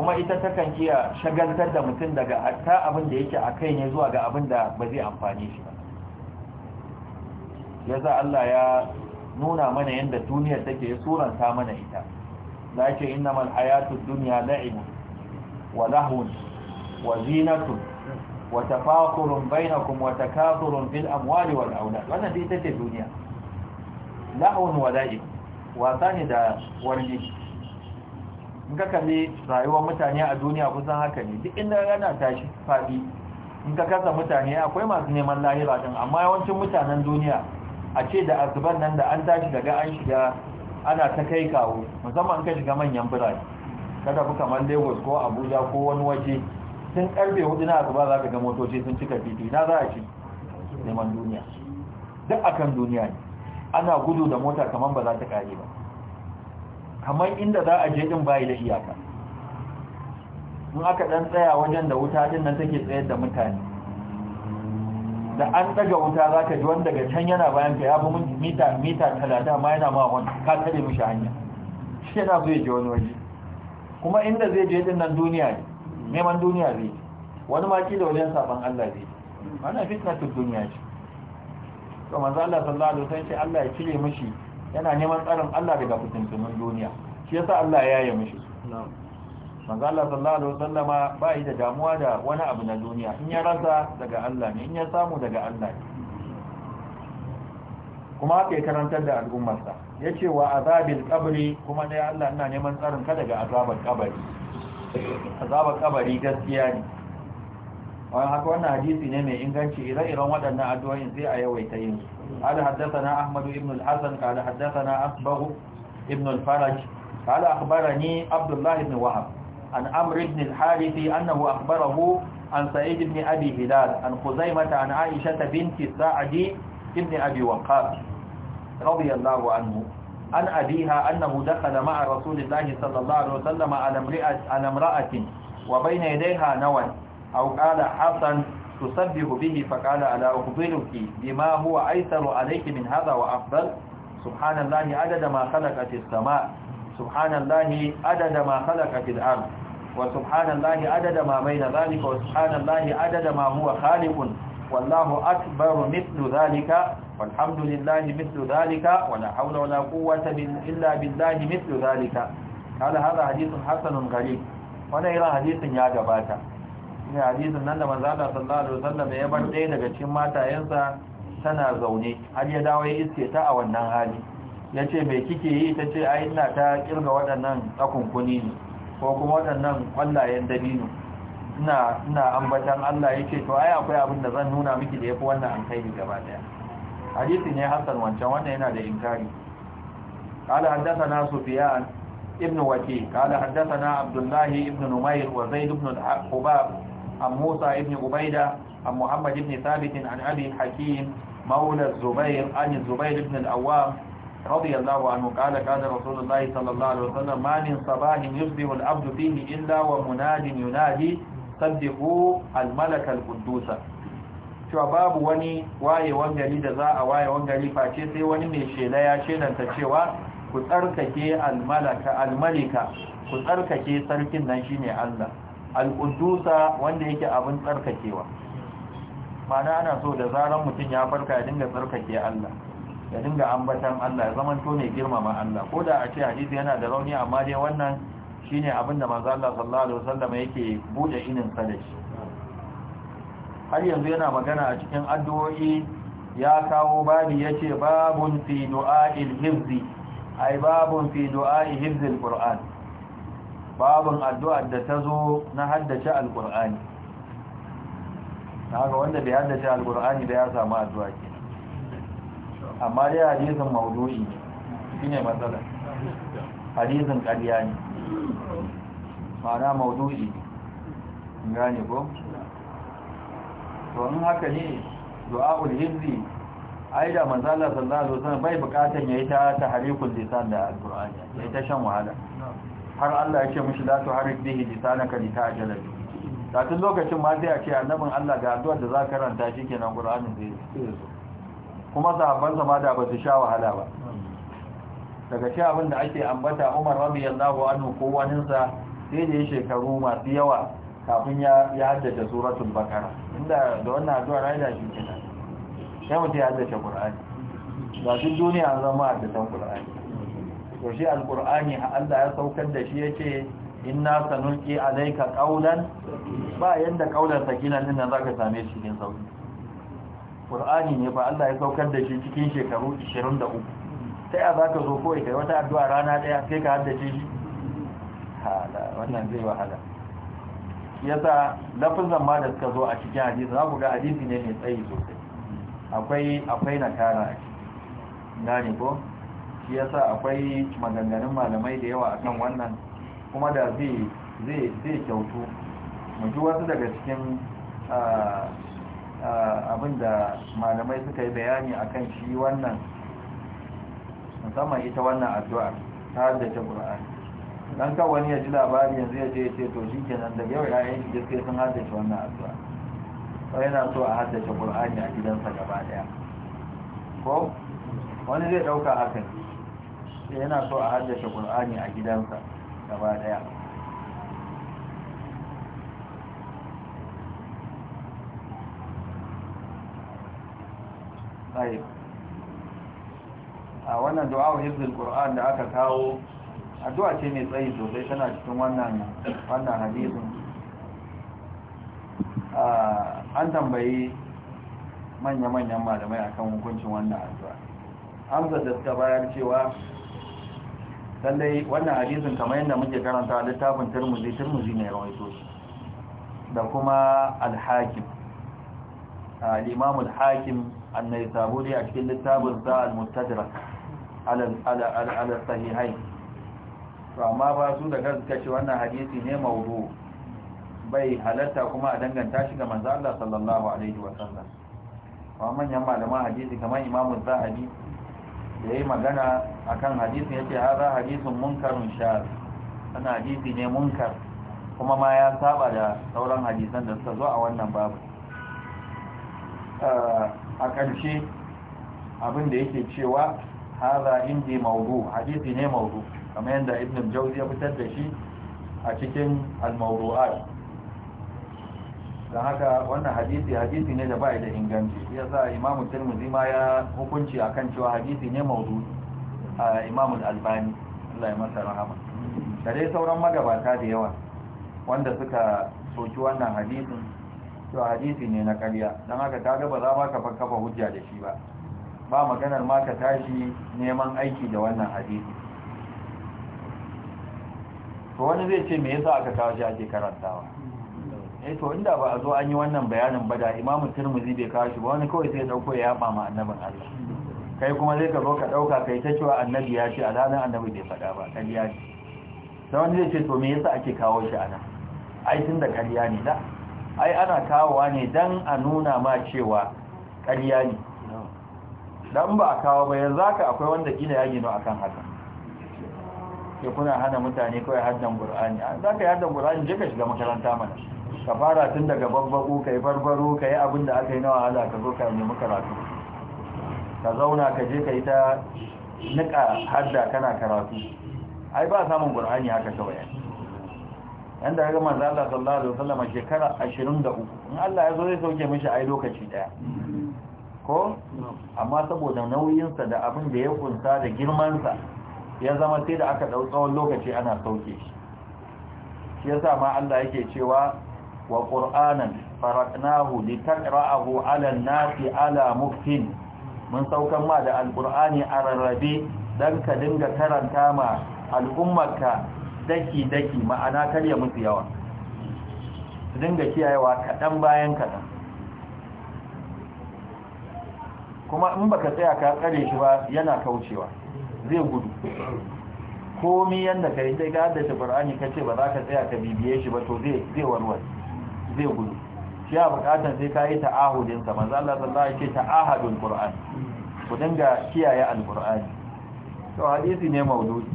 kuma ita takan kiya shagaltar da mutum daga ta abin da yake a kai ne zuwa ga abin da ba zai amfani shi ba ya za Allah ya nuna mana yadda duniyar take ya suranta mana ita za ce ina mal hayatu duniya la'ibu wa lahun wa zinatun wa tafakurun bainakun wa takafurun fil amwali wal aulad wannan ita ce duniya la'un wa la'ib wasa ne da wani in ka kalli rayuwar mutane a duniya kusan haka ne duk inda yana tashi faɗi in ka kasa mutane akwai masu neman lahira din amma yawancin mutanen duniya a ce da azuban nan da an tashi daga an shiga ana ta kai kawo musamman ka shiga manyan birane Kada ku kamar lagos ko abuja ko wani waje tun karfe hudu na azuba za ka ga motoci sun cika titi na za a ci neman duniya duk akan duniya ne ana gudu da mota kamar ba za ta kare ba kamar inda za a je din bayi da iyaka mun aka dan tsaya wajen da wuta din nan take tsayar da mutane da an daga wuta za ka ji wani daga can yana bayan ka ya fi mita mita talata ma yana ma wani ka tare mishi hanya shi yana zai je wani waje kuma inda zai je din nan duniya ne neman duniya zai wani ki da wajen saban Allah zai wannan fitnatu duniya ce to manzo Allah sallallahu alaihi wasallam ce Allah ya cire mishi yana neman tsarin Allah daga fitintunan duniya shi yasa Allah ya yi mishi manzo Allah sallallahu alaihi wasallam ba yi da damuwa da wani abu na duniya in ya rasa daga Allah ne in ya samu daga Allah ne kuma haka ya karantar da al'ummarsa ya ce wa azabil qabri kuma dai Allah ina neman tsarin ka daga azabar kabari azabar qabri gaskiya ne wani haka wannan hadisi ne mai inganci ire-iren waɗannan addu'o'in sai a yawaita yin su ala na Ahmadu, ibn al-hasan hassan haddasa na asbahu ibn al-faraj qala ni abdullah ibn wahab an amr ibn al-harith annahu akhbarahu an sa'id ibn abi hilal an khuzaimah an aisha ta binti sa'di ibn abi waqqas radiyallahu anhu an abiha annahu dakhala ma'a rasulillahi sallallahu alaihi wasallam ala imra'atin wa bayna yadayha nawan أو قال حسن تسبح به فقال ألا أخبرك بما هو أيسر عليك من هذا وأفضل سبحان الله عدد ما خلقت السماء سبحان الله عدد ما خلقت الأرض وسبحان الله عدد ما بين ذلك وسبحان الله عدد ما هو خالق والله أكبر مثل ذلك والحمد لله مثل ذلك ولا حول ولا قوة إلا بالله مثل ذلك قال هذا حديث حسن غريب وانا إلى حديث يا جباتا ne hadisin nan da manzala sallallahu alaihi wasallam ya bar ɗaya daga cikin matayensa tana zaune har ya dawo ya iske ta a wannan hali ya ce mai kike yi ta ce ai ina ta kirga waɗannan tsakunkuni ne ko kuma waɗannan ƙwallayen dabino ina ina ambatan Allah ya ce to ai akwai abin da zan nuna miki da yafi wannan an kai gaba daya hadisi ne hasan wancan wannan yana da inkari قال حدثنا سفيان ابن وكيع قال حدثنا عبد الله ابن نمير وزيد بن الحباب عن موسى بن عبيدة عن محمد بن ثابت عن أبي حكيم مولى الزبير عن الزبير بن الأوام رضي الله عنه قال كان رسول الله صلى الله عليه وسلم ما من صباح يصبح العبد فيه إلا ومناد ينادي صدقوا الملك القدوس cewa babu wani wayewan gari da za a wayewan gari face sai wani mai shela ya shelanta cewa ku tsarkake almalaka almalika ku tsarkake sarkin nan shine Allah al wanda yake abin tsarkakewa mana ana so da zaran mutum ya farka ya dinga tsarkake Allah ya dinga ambatan Allah ya zaman to ne girmama Allah ko da a ce hadisi yana da rauni amma dai wannan shine abin da manzo Allah sallallahu alaihi wasallam yake bude inin sa da shi har yanzu yana magana a cikin addu'o'i ya kawo babu yace babun fi al hifzi ai babun fi al-hifzi al qur'an babin addu'ar da ta zo na haddace alkur'ani haka wanda bai haddace alkur'ani da ya samu addu'a ke amma dai hadisin maudu'i shi ne matsala hadisin ƙarya ne ma'ana maudu'i gane ko? to haka ne du'a'ul hizzi ai da manzala sallallahu alaihi wasallam bai bukatan yayi ta tahrikul lisan da alqur'ani yayi ta shan wahala har Allah ya ce mushi la tu harif bihi lisanaka bi da tun lokacin ma sai a ce annabin Allah ga addu'ar da za ranta karanta shi kenan Qur'anin zai kuma sahabban zama da ba su sha wahala ba daga ce abin da ake ambata Umar radiyallahu anhu ko waninsa sai da ya shekaru masu yawa kafin ya haddace suratul bakara inda da wannan addu'a rai da shi kenan sai ya haddace Qur'ani ba duk duniya zama da tan Qur'ani to shi alqur'ani Allah ya saukar da shi yake inna sanulqi alayka qawlan ba yanda qawlan sakinan din nan zaka same shi cikin sauki qur'ani ne ba Allah ya saukar da shi cikin shekaru 23 sai a zaka zo ko kai wata addu'a rana daya sai ka haddace shi hala wannan zai wahala yasa lafazan ma da suka zo a cikin hadisi za ku ga hadisi ne mai tsayi sosai akwai akwai nakara a ciki ko shi sa akwai maganganun malamai da yawa akan wannan kuma da zai kyautu mutu wasu daga cikin abin da malamai suka yi bayani akan shi wannan musamman ita wannan addu'ar ta haddace ƙura'ani don kan wani ya ji labari yanzu ya je ya ce to shi kenan da yau ya yi jiske sun haddace wannan addu'a yana so a haddace ƙura'ani a gidansa gaba daya ko wani zai ɗauka hakan yana so a haddace ƙul'ani a gidansa gaba daya a wannan du'a'u hifzil qur'an da aka kawo addu'a ce mai tsayi sosai tana cikin wannan wannan an tambayi manya-manyan malamai akan hukuncin wannan addu'a amsa da suka bayar cewa lallai wannan hadisin kamar yadda muke karanta a littafin turmuzi turmuzi ne rawaito shi da kuma alhakim al-imam al-hakim annai saburi a cikin littafin sa al-mustadrak ala sahihai to amma ba su da kansu ce wannan hadisi ne mawdu bai halatta kuma a danganta shi ga manzo Allah sallallahu alaihi wa sallam wa manyan malaman hadisi kamar imamu zahabi da yayi magana akan hadisi yace hadha hadisun munkarun shar ana hadisi ne munkar kuma ma ya saba da sauran hadisan da suka zo a wannan babu eh, a ƙarshe abin da yake cewa hadha indi mawdu hadisi ne mawdu kamar yadda ibn jawzi ya fitar da shi a cikin al-mawdu'at dan haka wannan hadisi hadisi ne da bai da inganci yasa sa imamu tirmidhi ma ya hukunci akan cewa hadisi ne mawdu'i imamul albani Allah ya masa rahama da dai sauran magabata da yawa wanda suka soki wannan hadisin to hadisi ne na ƙarya don haka ta ba za ma ka kafa hujja da shi ba ba maganar ma ka tashi neman aiki da wannan hadisi to wani zai ce me yasa aka kawo shi ake karantawa eh to inda ba a zo an yi wannan bayanin ba da imamu turmuzi bai kawo shi ba wani kawai sai ya dauko ya yaba ma annabin Allah kai kuma zai ka zo ka dauka kai ta cewa annabi ya ce alhalin annabi bai faɗa ba ƙarya ne da wani zai ce to me yasa ake kawo shi a nan ai tun da ƙarya ne da ai ana kawowa ne don a nuna ma cewa ƙarya ne Dan ba a kawo ba yanzu haka akwai wanda ƙila ya gino akan haka ke kuna hana mutane kawai haddan ƙur'ani za ka yi haddan ƙur'ani je ka shiga makaranta mana ka fara tun daga babbaku ka yi barbaro ka yi abin da aka yi na wahala ka zo ka nemi karatu ka zauna ka je ka yi ta nika hadda kana karatu ai ba samun ƙur'ani haka kawai yanda gama manzo Allah sallallahu alaihi wasallam shekara uku, in Allah ya zo zai sauke mishi ai lokaci daya ko amma saboda nauyinsa da abin da ya kunsa da girmansa ya zama sai da aka ɗau tsawon lokaci ana sauke shi shi sa ma Allah yake cewa wa qur'anan faraknahu litaqra'ahu 'ala nasi 'ala muftin mun saukan ma da alkur'ani a rarrabe don ka dinga karanta ma al'ummarka daki-daki ma'ana karya musu yawa dinga kiyayewa kaɗan bayan kaɗan kuma in baka tsaya ka tsare shi ba yana kaucewa zai gudu komi yadda ka yi daga haddace ƙur'ani ka ce ba za ka tsaya ka bibiye shi ba to zai warware zai gudu shi a bukatar sai ka yi ta'ahudinsa sa manzo Allah sallallahu alaihi wasallam ya ce ta'ahadul qur'an ku dinga kiyaye alqur'ani to hadisi ne maududi.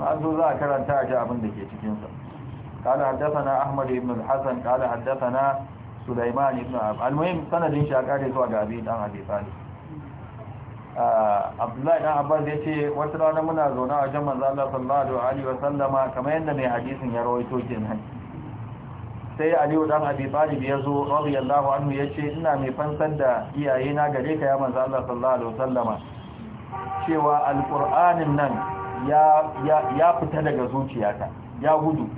an zo za a karanta a abin da ke cikin sa قال حدثنا احمد بن الحسن قال حدثنا سليمان بن عبد المهم سندin shi a kare zuwa ga abi dan abi talib ah, abdullahi dan abbas ya ce wata rana muna zaune a wajen manzo Allah sallallahu alaihi wasallama kamar yadda mai hadisin ya rawaito kenan sai aliyu dan abi talib ya zo radiyallahu anhu ya ce ina mai fansar da iyayena gare ka ya manzo Allah sallallahu alaihi wasallama cewa alqur'anin nan ya ya fita daga zuciyata ya gudu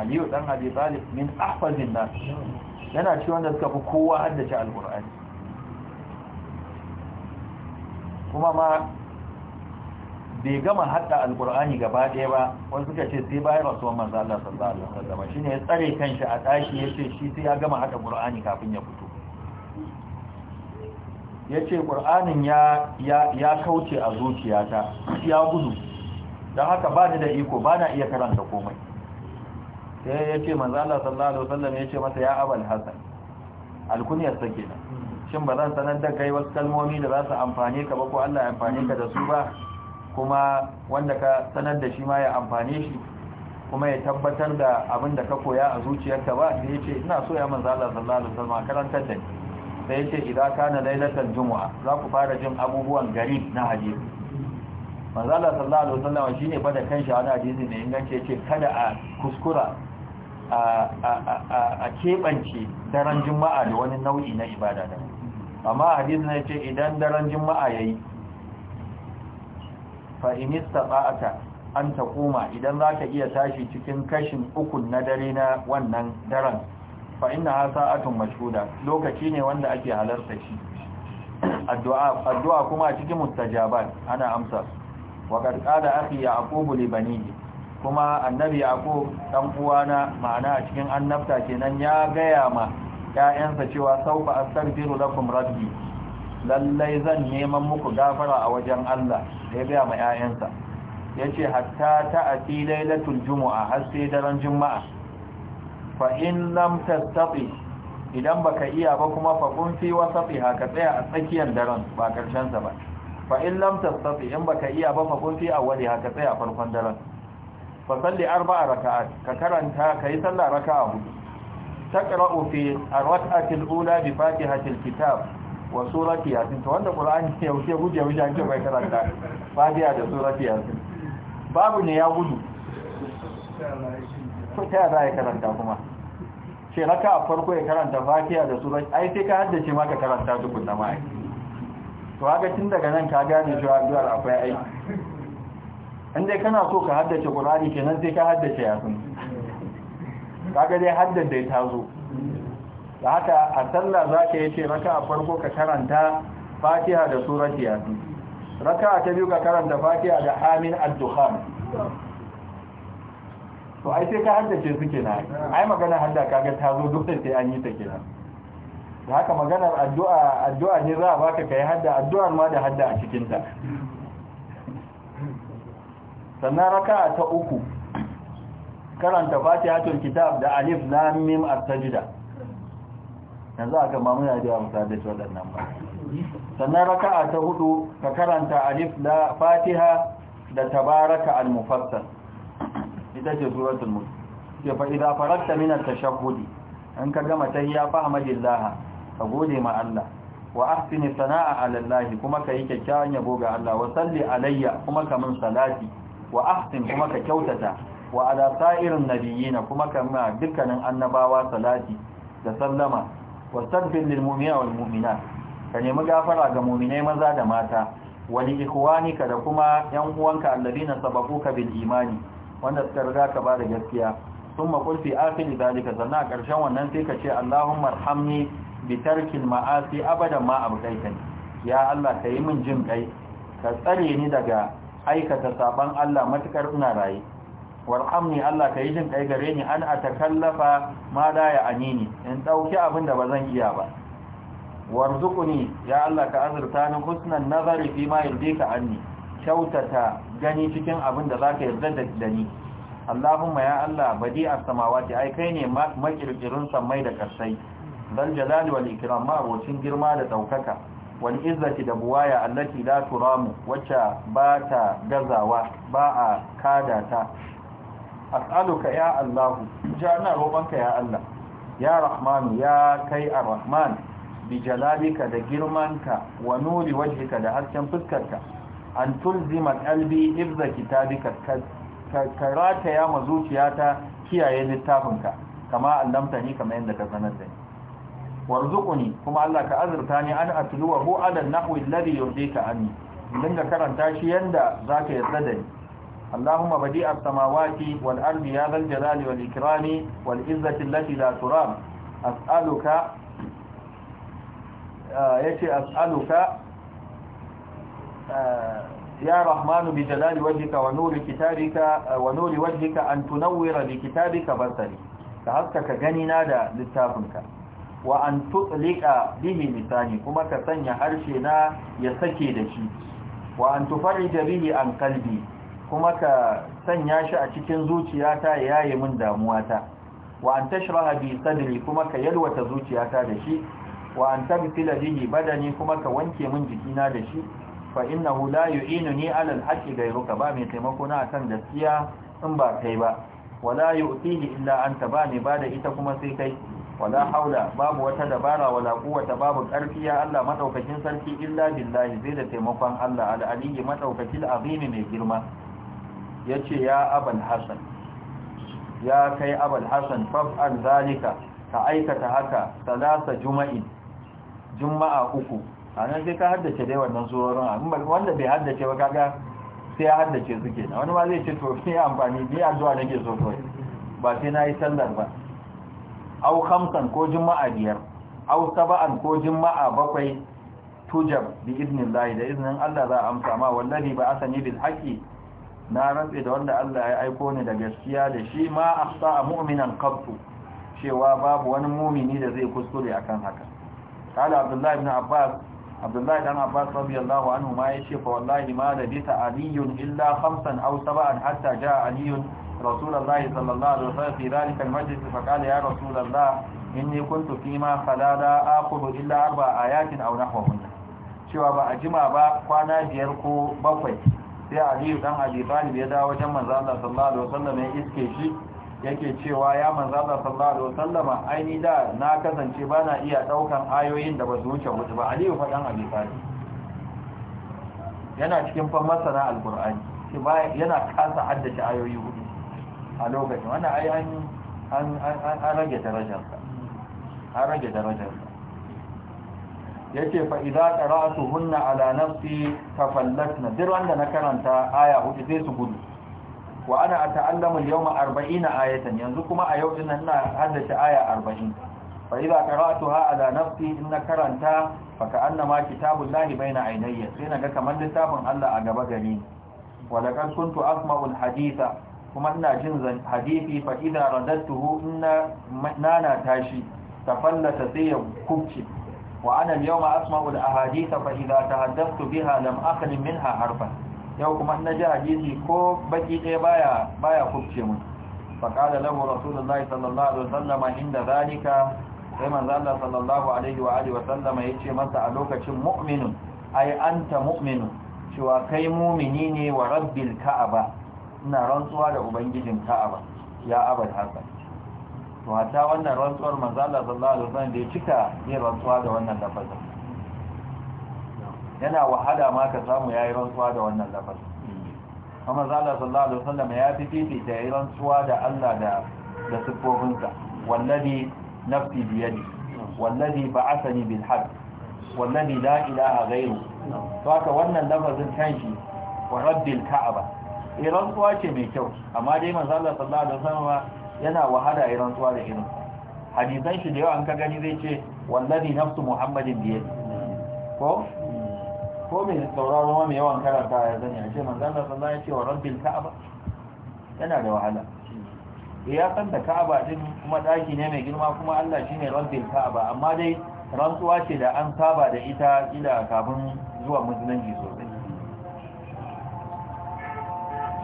aliyu dan abi talib min ahfazin nas yana ci da suka fi kowa haddace alqur'ani kuma ma bai gama hatta alkur'ani gaba ɗaya ba wani suka ce sai bayan rasuwan manzo Allah sallallahu alaihi wasallam shine ya tsare kanshi a ya yace shi sai ya gama hatta qur'ani kafin ya fito yace qur'anin ya ya ya kauce a zuciyata ya gudu dan haka ba ni da iko ba na iya karanta komai sai yace manzo Allah sallallahu alaihi wasallam yace masa ya abul hasan alkunyar sake na. shin ba zan sanar da kai wasu kalmomi da za su amfane ka ba ko Allah ya amfane ka da su ba kuma wanda ka sanar da shi ma ya amfane shi kuma ya tabbatar da abin da ka koya a zuciyarka ba da ya ce ina so ya manzo Allah sallallahu alaihi wasallam karantar da ni sai ya ce idan kana lailatul jumu'a za ku fara jin abubuwan gari na hadisi manzo Allah sallallahu alaihi wasallam shine fa da kanshi wani hadisi ne ke ce kada a kuskura a a a a kebanci daren juma'a da wani nau'i na ibada da amma hadisi ne ce idan daren juma'a yayi fa'inista ba'ata an ta koma idan za ka iya tashi cikin kashin ukun na dare na wannan daren fa'ina ha sa'atun mashuda lokaci ne wanda ake halarta shi addu'a kuma cikin mustajabat ana amsa wa ƙarƙada ake yaƙubu libanihi kuma annabi yaƙub ɗan uwana ma'ana a cikin annabta kenan ya gaya ma ‘ya'yansa cewa saufa astarfiru lakum rabbi lallai zan neman muku gafara a wajen Allah da ya gaya ma 'ya'yansa ya ce hatta ta a filai latul juma'a har sai daren juma'a fa in lam tastafi idan ka iya ba kuma fa kun fi haka tsaya a tsakiyar daren ba karshen sa ba fa in lam tastafi ba ka iya ba fa kun a awwali haka tsaya a farkon daren fa salli arba'a raka'at ka karanta ka kai sallah raka'a hudu taqra'u fi ar-rak'ati al-ula bi fatihati al-kitab wa surati yasin to wanda qur'ani ya wuce guje wuce an ce bai karanta dia da surati yasin babu ne ya gudu to ta yaya ya karanta kuma ce raka a farko ya karanta fatiha da surati ai sai ka haddace ma ka karanta duk da ai to haka tun daga nan ka gane cewa addu'ar akwai aiki inda kana so ka haddace qur'ani kenan sai ka haddace yasin kaga dai haddace ya tazo. da haka a sallah za ka yi ce raka a farko ka karanta fatiha da surat yasin raka ta biyu ka karanta fatiha da amin al dukhan to ai sai ka haddace su na. ai magana hadda kaga ta zo duk da sai an yi ta kenan da haka maganar addu'a addu'a ne za a baka kai hadda addu'ar ma da hadda a cikin ta sannan raka'a ta uku karanta fatihatul kitab da alif lam mim as-sajda yanzu aka mamu ya da misali waɗannan ba sannan raka'a ta hudu ka karanta alif da fatiha da tabaraka al-mufassal ita ce suratul mulk ya fa idza faragta min at-tashahhudi an ka gama tahiyya fahmadillah ka gode ma Allah wa ahsini sana'a ala Allah kuma ka yi kyakkyawan yabo ga Allah wa salli alayya kuma ka min salati wa ahsin kuma ka kyautata wa ala sa'irin nabiyina kuma ka ma dukkanin annabawa salati da sallama wastaghfir lil mu'minina wal mu'minat ka nemi gafara ga mu'minai maza da mata wali ka da kuma yan uwanka alladina sababuka bil imani wanda suka riga ka ba da gaskiya thumma qul fi akhir dhalika sannan a karshen wannan sai ka ce Allahumma arhamni bi tarkil ma'asi abadan ma abqaitani ya Allah kai min jin kai ka tsare ni daga aikata saban Allah matukar ina raye warhamni Allah ka yi jin kai gare ni an atakallafa ma da ya anini in dauki abin da bazan iya ba warzuqni ya Allah ka azurta ni husnan nazari fi ma yardika anni kyautata gani cikin abin da zaka yarda da dani Allahumma ya Allah badi as-samawati ai kai ne makirkirin samai da karsai dal jalali wal ikram ma abocin girma da daukaka wal izzati da buwaya allati la turamu wacce ba ta gazawa ba a kada as'aluka ya Allah ja roƙonka ya Allah ya Rahmanu ya kai Ar-Rahman bi jalalika da girmanka wa nuri wajhika da hasken fuskarka an tulzima qalbi ibza kitabika karata ya mazuciyata kiyaye littafinka kama allamta ni kama yadda ka sanar da ni warzuquni kuma Allah ka azurta ni an atluwa hu ala nahwi alladhi yurdika anni dinga karanta shi yanda zaka yarda da ni اللهم بديع السماوات والأرض يا ذا الجلال والإكرام والعزة التي لا ترام أسألك يشي أسألك يا رحمن بجلال وجهك ونور كتابك ونور وجهك أن تنور بكتابك بصري كهذا كجنينا دا للتافنك وأن تطلق به لساني كما كسن حرشنا يسكي دشي وأن تفرج به عن قلبي kuma ka sanya shi a cikin zuciyata ya yaye min damuwata wa an tashraha bi sadri kuma ka yalwata zuciyata da shi wa an tabtila bihi badani kuma ka wanke min jikina da shi fa innahu la yu'inuni 'ala al-haqqi ghayruka ba mai taimako na akan gaskiya in ba kai ba wala yu'tihi illa anta ba ne ita kuma sai kai wala haula babu wata dabara wala quwwata babu karfi ya Allah madaukakin sarki illa billahi zai da taimakon Allah al-aliyyi madaukakil azimi mai girma ya ce ya abal hassan ya kai abal hassan faf'al zalika ka aikata haka salasa juma'in juma'a uku a nan sai ka haddace dai wannan surorin wanda bai haddace ba kaga sai ya haddace suke na wani ma zai ce to ne amfani ni addu'a nake so kawai ba sai na yi sallar ba au khamsan ko juma'a biyar au saba'an ko juma'a bakwai tujab bi idnillahi da iznin Allah za a amsa ma wallahi ba asani bil haqi na rantse da wanda Allah ya aiko ni da gaskiya da shi ma akhta mu'minan qabtu cewa babu wani mumini da zai kuskure akan haka kala abdullahi ibn abbas abdullahi dan abbas radiyallahu anhu ma yace fa wallahi ma da bita aliyun illa khamsan aw sab'an hatta jaa aliyun rasulullahi sallallahu alaihi wasallam fi dhalika almajlis fa qala ya rasulullah inni kuntu fima khalala aqulu illa arba ayatin aw nahwahunna cewa ba a jima ba kwana biyar ko bakwai sai aliyu dan abi talib ya dawo wajen manzo Allah sallallahu alaihi wasallam ya iske shi yake cewa ya manzo Allah sallallahu alaihi wasallam aini da na kasance bana iya daukan ayoyin da ba su wuce mutu ba aliyu fa dan abi talib yana cikin fa masana alqur'ani shi ba yana kasa haddace ayoyi hudu a lokacin wannan ai an an an rage darajarsa an rage darajarsa yace fa idza qara'tuhunna ala nafsi tafallatna na karanta aya hudu zai su gudu wa ana ata'allamu al-yawma 40 ayatan yanzu kuma a yau din nan ina haddace aya arba'in fa idza qara'tuha ala nafsi na karanta fa ka'annama kitabullahi baina aynayya sai ga kamar littafin Allah a gaba gari wa laqad kuntu asma'u kuma ina jin hadisi fa idza radattuhu inna nana tashi tafallata sai ya kubce وأنا اليوم أسمع الأحاديث فإذا تحدثت بها لم أخل منها حرفا يوم أن جاء حديثي كوب بكي بايا بايا خبشمون فقال له رسول الله صلى الله عليه وسلم عند ذلك كما قال صلى الله عليه وآله وسلم يجي مسا لوكش مؤمن أي أنت مؤمن شو كي مؤمنين ورب الكعبة ina rantsuwa da ubangijin ka'aba ya abad hasan to hata wannan rantsuwar manzala sallallahu alaihi wasallam da ya cika yin rantsuwa da wannan lafazin yana wahala ma ka samu yayi rantsuwa da wannan lafazin kuma manzala sallallahu alaihi wasallam ya fi da yayi rantsuwa da Allah da da sifofinsa wallazi nafsi biyadi wallazi ba'athani bil haqq wallazi la ilaha ghairu to haka wannan lafazin kanshi wa rabbil ka'aba eh rantsuwa ce mai kyau amma dai manzala sallallahu alaihi wasallam yana wahala ya rantsuwa da irin hadisan shi da yawa an ka gani zai ce wallahi nafsu muhammadin biye ko ko mai sauraro ma mai yawan karanta ya zani a ce manzo Allah sallallahu alaihi wa rabbil ka'aba yana da wahala ya san da ka'aba din kuma daki ne mai girma kuma Allah shine rabbil ka'aba amma dai rantsuwa ce da an saba da ita ila kafin zuwa musulunci sosai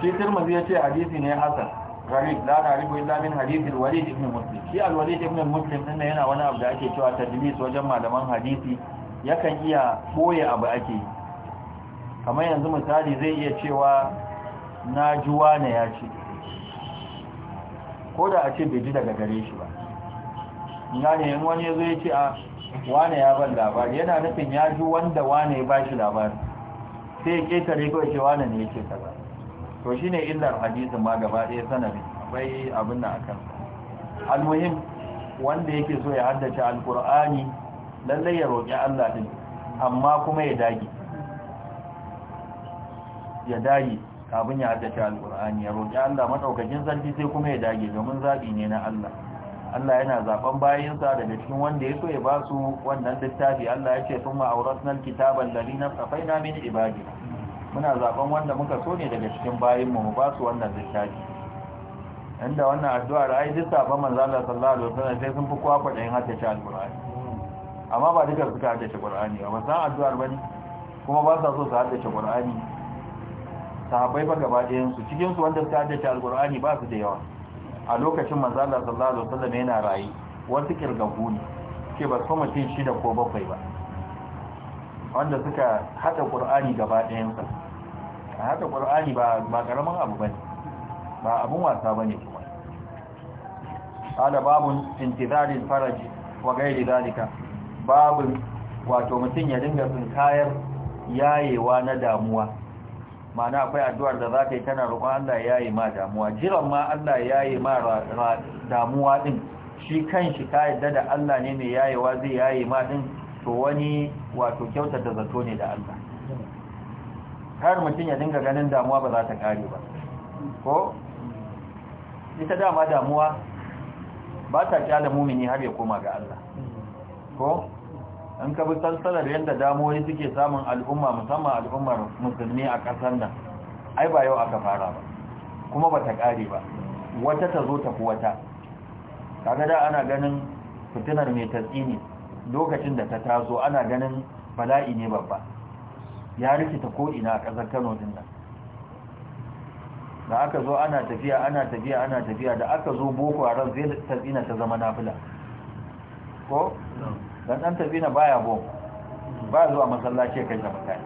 shi turmuzi ya ce hadisi ne hasan غريب لا na'rifu إلا من حديث الوليد ابن المسلم في الوليد ابن المسلم إنه هنا وانا yana wani abu da وجمع cewa حديثي wajen malaman hadisi yakan iya كما abu ake yi kamar yanzu misali zai iya cewa na juwa ne ya ce ko da a ce bai ji daga gare ba wane ya ban labari yana nufin ya ji wanda wane ya ba shi labari sai ya ketare kawai ce wane ne ya ce ta to shi ne illar hadisin ma gaba ɗaya sanari bai abin nan akan almuhim wanda yake so ya haddace alkur'ani lallai ya roƙi Allah ɗin, amma kuma ya dage ya dage kafin ya haddace alkur'ani ya roƙi Allah madaukakin sarki sai kuma ya dage domin zaɓi ne na Allah Allah yana zaben bayansa daga cikin wanda ya so ya ba su wannan littafi Allah ya ce sun thumma awrasnal kitaba tsafai na min ibadina muna zaben wanda muka so ne daga cikin bayinmu mu ba su wannan littafi inda wannan addu'ar ai duk sabon manzo Allah sallallahu alaihi wasallam sai sun fi kowa in hada shi alqur'ani amma ba duka suka hada shi qur'ani ba san addu'ar bane kuma ba sa so su hada shi qur'ani sahabbai ba gaba ɗayan su cikin su wanda suka hada shi alqur'ani ba su da yawa a lokacin manzo Allah sallallahu alaihi wasallam yana rayi wasu kirgabuni ke ba su mutum shida ko bakwai ba wanda suka haɗa ƙur'ani gaba ɗayansa a haɗa ƙur'ani ba ƙaramin abu ba ne ba abin wasa ba ne kuma ala babun intizarin faraji wa gairi zalika babun wato mutum ya dinga sun kayar yayewa na damuwa mana akwai addu'ar da za ka yi tana roƙon Allah ya yi ma damuwa jiran ma Allah ya yi ma damuwa ɗin shi kan shi ka yadda da Allah ne mai yayewa zai yi ma ɗin to wani wato kyautar da zato ne da Allah har mutum ya dinga ganin damuwa ba za ta kare ba ko ita dama damuwa ba ta kyala mumini har ya koma ga Allah ko an ka bi salsalar yadda damuwoyi suke samun al'umma musamman al'ummar musulmi a ƙasar nan ai ba yau aka fara ba kuma ba ta kare ba wata ta zo ta fi kaga da ana ganin fitinar mai tatsini lokacin da ta taso ana ganin bala'i ne babba ya rikita ko'ina a ƙasar kano din nan da aka zo ana tafiya ana tafiya ana tafiya da aka zo boko a ran zai tazina ta zama nafila ko dan dan tazina baya bo ba zuwa masallaci kai da makai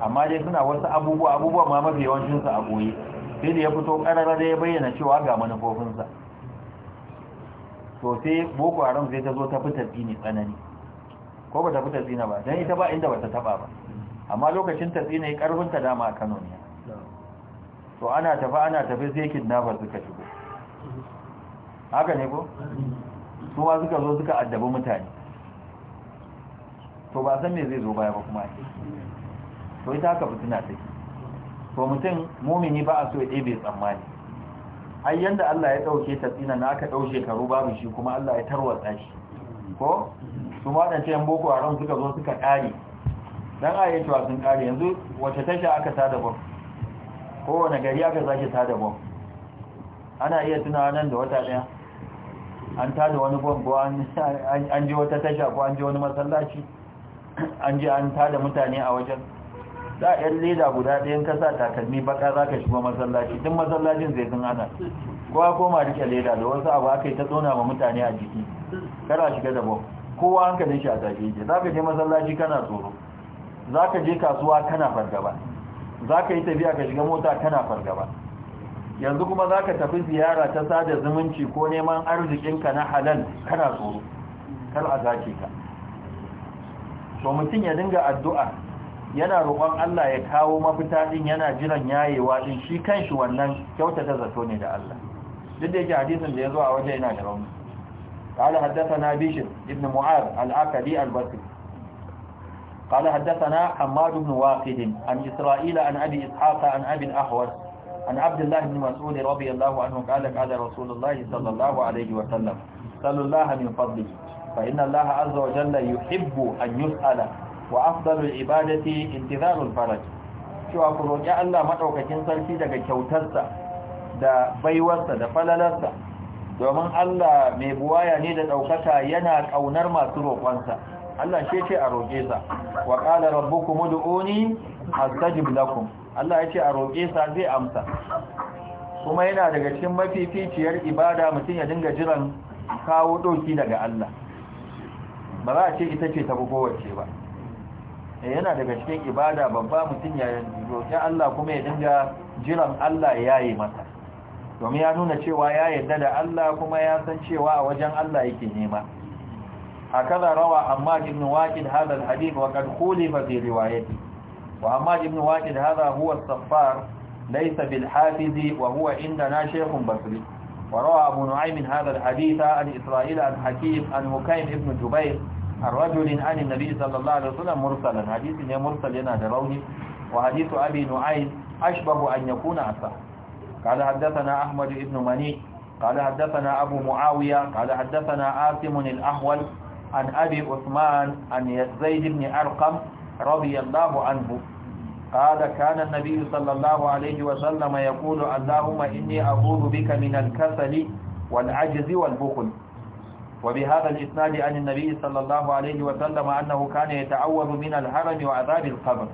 amma dai suna wasu abubuwa abubuwa ma mafi yawancin su a goye sai da ya fito karara da ya bayyana cewa ga manufofinsa to sai boko haram zai ta zo ta fitar ne tsanani ko ba ta fi tatsina ba don ita ba inda ba ta taba ba amma lokacin tatsina yi karfinta dama a kano ne to ana tafi ana tafi sai kidnapper suka shigo haka ne ko su ma suka zo suka addabi mutane to ba san me zai zo baya ba kuma ake to ita haka fitina take to mutum mumini ba a so ya bai tsammani ai yanda Allah ya dauke ta tsina na aka dauke karu babu shi kuma Allah ya tarwatsa shi ko su waɗance yan boko haram suka zo suka ƙari don a yi cewa sun ƙari yanzu wace tasha aka sada bom kowane gari aka zaki sada bom ana iya tunawa nan da wata ɗaya an tada wani bom ko an ji wata tasha ko an ji wani masallaci an ji an tada mutane a wajen za a yan leda guda ɗaya ka sa takalmi baka za ka shiga masallaci duk masallacin zai sun ana kowa koma rike leda da wasu abu aka yi ta tsona ma mutane a jiki kara shiga da bom kowa hankalin shi a tafi yake za ka je masallaci kana tsoro za ka je kasuwa kana fargaba za ka yi tafiya ka shiga mota kana fargaba yanzu kuma za ka tafi ziyara ta sada zumunci ko neman arzikinka na halal kana tsoro kar a zace ka so mutum ya dinga addu'a yana roƙon Allah ya kawo mafita din yana jiran yayewa din shi kanshi wannan kyautata zato ne da Allah duk da yake hadisin da ya zo a waje yana da rauni قال حدثنا بشر ابن معاذ العقدي البصري قال حدثنا حماد بن واقد عن إسرائيل عن أبي إسحاق عن أبي الأحوص عن عبد الله بن مسعود رضي الله عنه قال قال رسول الله صلى الله عليه وسلم صلوا الله من فضله فإن الله عز وجل يحب أن يسأل وأفضل العبادة انتظار الفرج شو أقول يا الله مدعوك تنسل في دك كوتسة da baiwarsa da falalarsa domin Allah mai buwaya ne da ɗaukaka yana ƙaunar masu roƙonsa Allah shi ce a roƙe sa wa qala rabbukum ud'uni astajib lakum Allah ya ce a roƙe sa zai amsa kuma yana daga cikin mafificiyar ibada mutum ya dinga jiran kawo doki daga Allah ba za a ce ita ce ta kowace ba eh, yana daga cikin ibada babba mutum ya roƙi Allah kuma ya dinga jiran Allah ya yi masa domin ya nuna cewa ya yadda da Allah kuma ya san cewa a wajen Allah yake nema hakaza rawa amma ibn waqid hadha alhadith wa qad khulifa fi riwayati wa amma ibn waqid hadha huwa as-saffar laysa bil hafiz wa huwa indana shaykhun basri wa rawa abu nu'aym hadha alhadith an isra'il an hakim an hukaym ibn jubayr الرجل عن النبي صلى الله عليه وسلم مرسلا حديث مرسل هنا دراوي وحديث أبي نعيم أشبه أن يكون أصح قال حدثنا أحمد بن مني قال حدثنا أبو معاوية قال حدثنا آثم الأهول عن أبي عثمان عن زيد بن أرقم رضي الله عنه قال كان النبي صلى الله عليه وسلم يقول اللهم إني أعوذ بك من الكسل والعجز والبخل وبهذا الإسناد عن النبي صلى الله عليه وسلم أنه كان يتعوذ من الهرم وعذاب القبر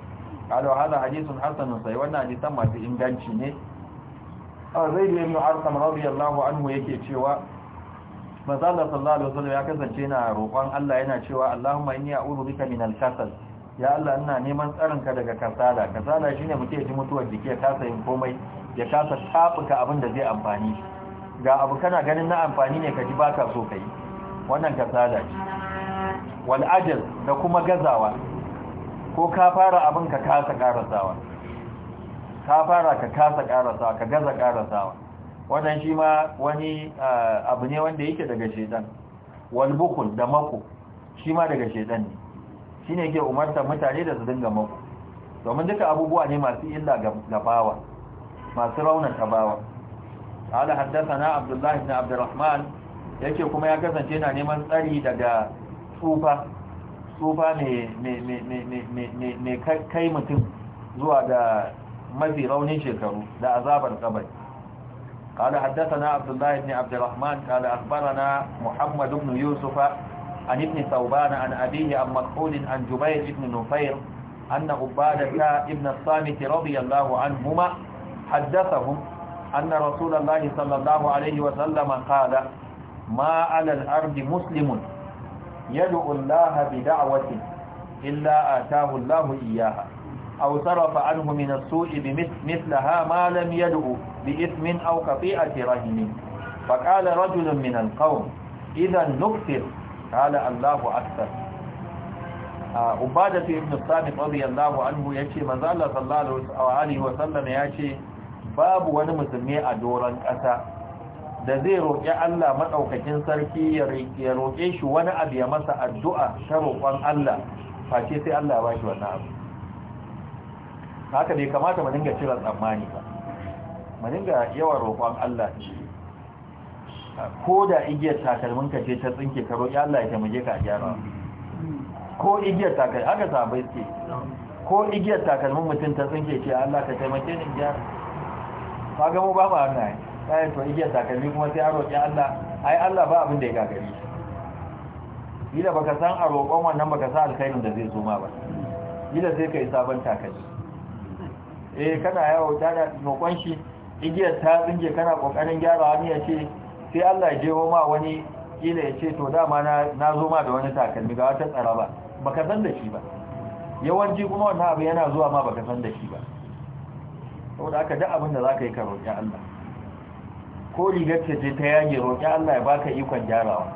قالوا هذا حديث حسن صحيح وانا حديثا ما في إنجانشي zai da ibn arkam radiyallahu anhu yake cewa manzo Allah sallallahu alaihi wasallam ya kasance na roƙon Allah yana cewa Allahumma inni a'udhu bika min al-kasal ya Allah ina neman tsarinka daga kasala kasala shine muke ya ji mutuwar jiki ya kasa yin komai ya kasa tafuka abin da zai amfani ga abu kana ganin na amfani ne ka ji baka so kai wannan kasala ce wal ajal da kuma gazawa ko ka fara abin ka kasa karasawa ka fara ka kasa karasawa ka gaza karasawa wannan shi ma wani eh, abu ne wanda yake daga shedan walbukul da mako shi ma daga shedan ne shi ne ke umartar mutane da su dinga mako domin duka abubuwa ne masu illa ga bawa masu raunata bawa ala haddasa na abdullahi ibn abdurrahman yake kuma ya kasance yana neman tsari daga tsufa tsufa mai kai mutum zuwa da. mafi raunin shekaru da azabar kabari kala haddasa na abdullahi ibn kala kada na muhammad ibn yusufa an ibn saubana an abihi an makhulin an jubayr ibn nufair anna ubadata ibn samit radiyallahu anhuma haddathahum anna rasulallahi sallallahu alayhi wa sallam qala ma ala ardi muslimun yad'u allaha bi da'wati illa ataahu allahu iyyaha أو صرف عنه من السوء مثلها ما لم يدعو بإثم أو قطيعة رحم فقال رجل من القوم إذا نكثر قال الله أكثر عبادة ابن الصامت رضي الله عنه يشي من ذال صلى الله عليه وسلم يشي باب ونمسمي أدورا أسا da zai roƙi Allah maɗaukakin sarki ya roƙe shi wani abu ya masa addu'a ta roƙon Allah face sai Allah ba shi wannan abu haka ne kamata mu dinga cira tsammani ba mu dinga yawan roƙon Allah ko da igiyar takalmin ka ce ta tsinke ka roƙi Allah ya taimake ka gyara ko igiyar takal haka sabai ce ko igiyar takalmin mutum ta tsinke ce Allah ka taimake ni gyara ba ga mu ba ba wannan sai to igiyar takalmi kuma sai a roƙi Allah ai Allah ba abin da ya gagare shi ila baka san a roƙon wannan baka sa alkhairin da zai zo ma ba ila sai kai sabon takalmi eh kana yawo ta da nokon shi igiyar ta tsinge kana kokarin gyara wani ya ce sai Allah ya jewo ma wani kila ya ce to dama na na zo ma da wani takalmi ga wata tsara ba baka san da shi ba yawanci kuma wannan abu yana zuwa ma baka san da shi ba saboda haka duk abin da zaka yi ka roƙi Allah ko rigar ce ta yage roƙi Allah ya baka ikon gyarawa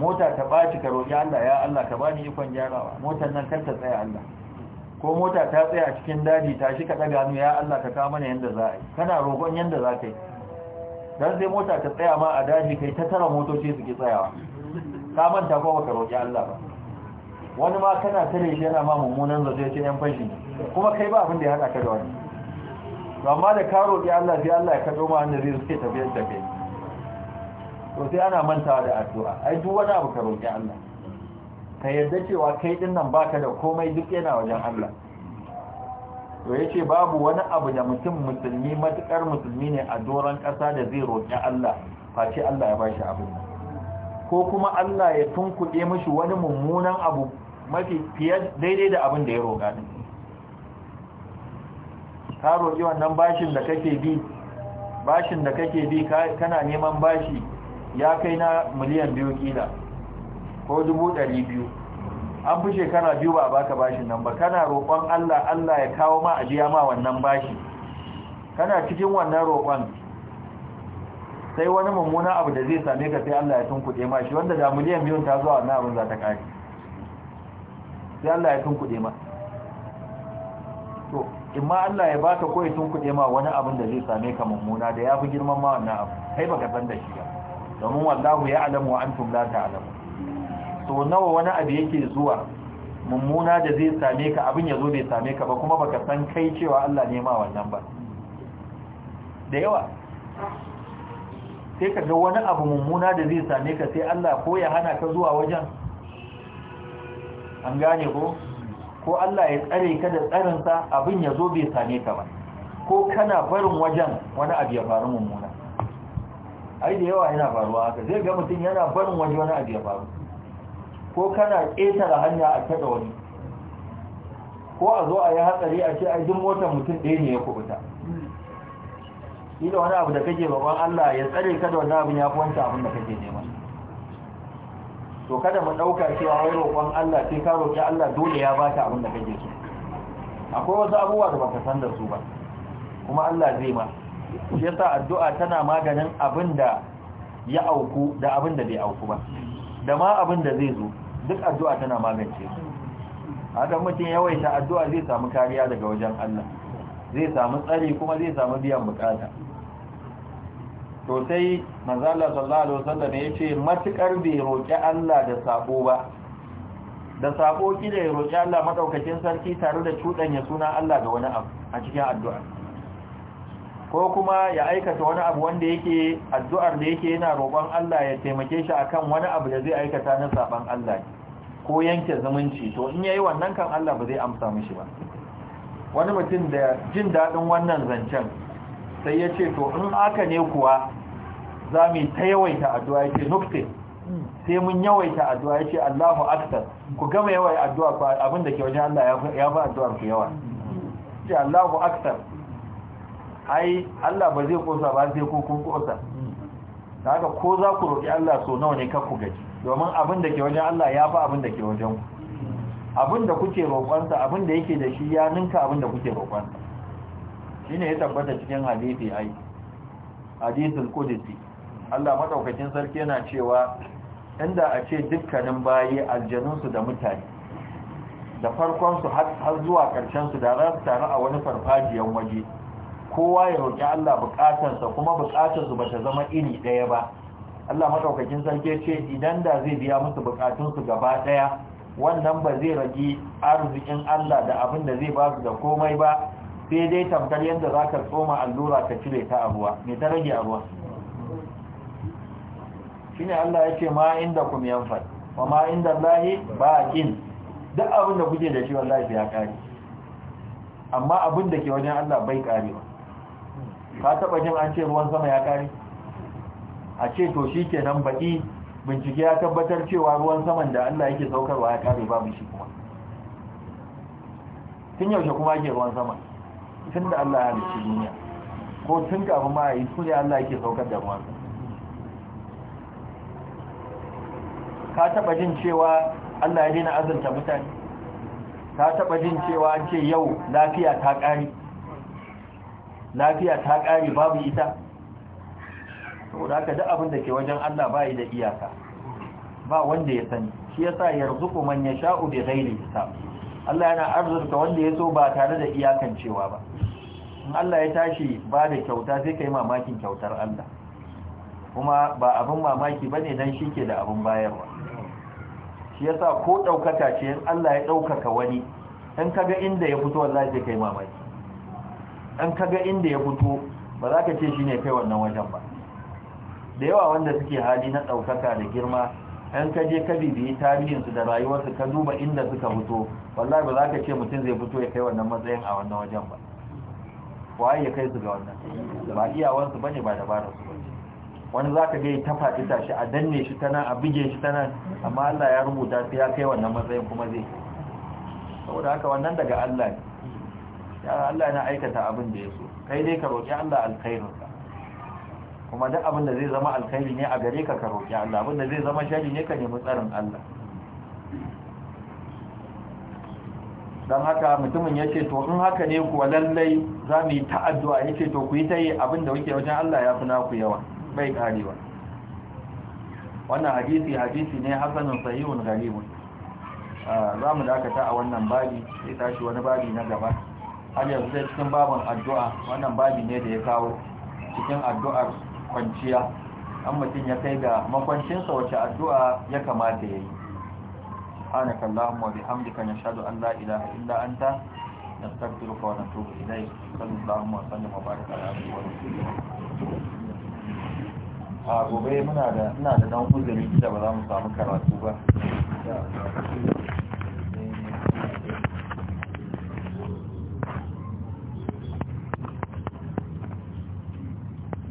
mota ta baci ka roƙi Allah ya Allah ka bani ikon gyarawa motar nan kanta ta tsaya Allah ko mota ta tsaya a cikin daji ta shi ka ɗaga hannu ya Allah ka kawo mana yadda za a yi kana roƙon yadda za ka yi don sai mota ta tsaya ma a daji kai ta tara motoci suke tsayawa ka manta ko baka roƙi Allah ba wani ma kana tare shi yana ma mummunan zato ce yan fashi kuma kai ba abin da ya haɗa ka da wani amma da ka roƙi Allah sai Allah ya kaɗo ma wanda zai suke tafiyar da kai to sai ana mantawa da addu'a ai duk wani abu ka roƙi Allah ka yarda cewa kai din nan baka da komai duk yana wajen Allah to yace babu wani abu da mutum musulmi matukar musulmi ne a doran kasa da zai roki Allah face Allah ya bashi abin ko kuma Allah ya tunkuɗe mishi wani mummunan abu mafi fiye daidai da abin da ya roƙa din ka roƙi wannan bashin da kake bi bashin da kake bi kana neman bashi ya kai na miliyan biyu kila ko dubu ɗari biyu an fi shekara biyu ba a baka bashin nan ba kana roƙon Allah Allah ya kawo ma a biya ma wannan bashi kana cikin wannan roƙon sai wani mummuna abu da zai same ka sai Allah ya tunkuɗe ma shi wanda da miliyan biyun ta zuwa wannan abin za ta ƙari sai Allah ya tunkuɗe ma to in ma Allah ya baka ko ya tunkuɗe ma wani abin da zai same ka mummuna da ya fi girman ma wannan abu kai baka san da shi ba domin wallahu ya alamu wa antum la ta'lamun so nawa wani abu yake zuwa mummuna da zai same ka abin ya zo bai same ka ba kuma baka san kai cewa Allah ne ma wannan ba da yawa sai ka ga wani abu mummuna da zai same ka sai Allah ko ya hana ka zuwa wajen an gane ko ko Allah ya tsare ka da tsarinsa abin ya zo bai same ka ba ko kana barin wajen wani abu ya faru mummuna ai da yawa yana faruwa haka zai ga mutum yana barin waje wani abu ya faru ko kana ƙetare hanya a kada wani ko a zo a yi hatsari a ce a jin motar mutum ɗaya ne ya kubuta ila wani abu da kake babban Allah ya tsare ka da wani abin ya fi wancan abin da kake nema to kada mu ɗauka cewa wai roƙon Allah sai ka roƙi Allah dole ya baka abin da kake so akwai wasu abubuwa da baka san da su ba kuma Allah zai ma shi yasa addu'a tana maganin abin da ya auku da abin da bai auku ba da ma abin da zai zo duk addu'a tana magance su haka mutum yawaita addu'a zai samu kariya daga wajen Allah zai samu tsari kuma zai samu biyan bukata to sai manzala sallallahu alaihi wasallam yace matukar bai roki Allah da sako ba da sako kida ya roki Allah madaukakin sarki tare da cudanya suna Allah ga wani abu a cikin addu'a ko kuma ya aikata wani abu wanda yake addu'ar da yake yana roƙon Allah ya taimake shi akan wani abu da zai aikata na saban Allah ne ko yanke zumunci to in yayi wannan kan Allah ba zai amsa mishi ba wani mutum da jin daɗin wannan zancen sai ya ce to in aka ne kuwa za mu ta yawaita addu'a ya nukte sai mun yawaita addu'a ya Allahu akbar ku gama yawai addu'a abin abinda ke wajen Allah ya ba addu'ar ku yawa ce Allahu akbar ai Allah ba zai kosa ba sai ku kun kosa haka ko za ku roƙi Allah so nawa ne kar ku gaji domin abin da ke wajen Allah ya fi abin da ke wajen ku abin da kuke roƙonsa abin da yake da shi ya ninka abin da kuke roƙonsa shi ne ya tabbata cikin hadithi ai hadithul qudsi Allah madaukakin sarki yana cewa inda a ce dukkanin bayi aljanunsu da mutane da farkonsu har zuwa karshen su da za su taru a wani farfajiyan waje kowa ya roƙi Allah buƙatarsa kuma buƙatarsu ba ta zama iri ɗaya ba Allah madaukakin sarki ce idan da zai biya musu bukatunsu gaba daya wannan ba zai rage arzikin Allah da abin da zai ba su da komai ba sai dai tamkar yadda za ka tsoma allura ka cire ta abuwa me mai ta rage abuwa ruwa shi ne Allah ya ce ma inda kuma yanfar wa ma inda lahi ba a ƙin duk abin da kuke da shi wallahi ya ƙari amma abin da ke wajen Allah bai ƙari ba ka taɓa jin an ce ruwan sama ya ƙari a ce to shi ke nan baɗi bincike ya tabbatar cewa ruwan saman da Allah yake saukarwa ya kare babu shi kuma tun yaushe kuma ke ruwan sama tun da Allah ya halittu duniya ko tun kafin ma yi tun ne Allah yake saukar da ruwan ka taba jin cewa Allah ya daina azanta mutane ka taba jin cewa an ce yau lafiya ta ƙari lafiya ta ƙari babu ita saboda haka duk abin da ke wajen Allah bai da iyaka ba wanda ya sani shi yasa yarzuqu man yasha'u bi ghairi hisab Allah yana arzurta wanda ya so ba tare da iyakancewa ba in Allah ya tashi ba da kyauta sai kai mamakin kyautar Allah kuma ba abin mamaki bane dan shike da abin bayarwa shi yasa ko daukaka ce in Allah ya daukaka wani dan kaga inda ya fito wallahi sai kai mamaki dan kaga inda ya fito ba za ka ce shi shine kai wannan wajen ba da yawa wanda suke hali na ɗaukaka da girma ɗan ka je ka tarihinsu da rayuwarsu ka duba inda suka fito wallahi ba za ka ce mutum zai fito ya kai wannan matsayin a wannan wajen ba waye ya kai su ga wannan ba iyawansu bane ba dabarar su bace wani za ka gai ta faɗi tashi a danne shi ta nan a bige shi ta nan amma Allah ya rubuta sai ya kai wannan matsayin kuma zai saboda haka wannan daga Allah ne ya Allah na aikata abin da ya so kai dai ka roƙi Allah alkhairinsa kuma duk abin da zai zama alkhairi ne a gare ka ka roƙi Allah abin da zai zama shari ne ka nemi tsarin Allah don haka mutumin ya ce to in haka ne kuwa lallai za mu yi ta'addu'a ya ce to ku yi ta yi abin da kuke wajen Allah ya fi naku yawa bai karewa wannan hadisi hadisi ne hasanin sahihun galibun za mu dakata a wannan babi sai tashi wani babi na gaba har yanzu sai cikin babin addu'a wannan babi ne da ya kawo cikin addu'ar kwanciya an mutum ya kai ga makwancinsa wace addu’a ya kamata ya yi ana kallon wa bihamdika ya shaɗu an la’ida a inda an ta na tattara kawo na tuba idai sannan la’amma a sannan mabarika ya fi wani a gobe muna da ɗan huzuri da ba za mu samu karatu ba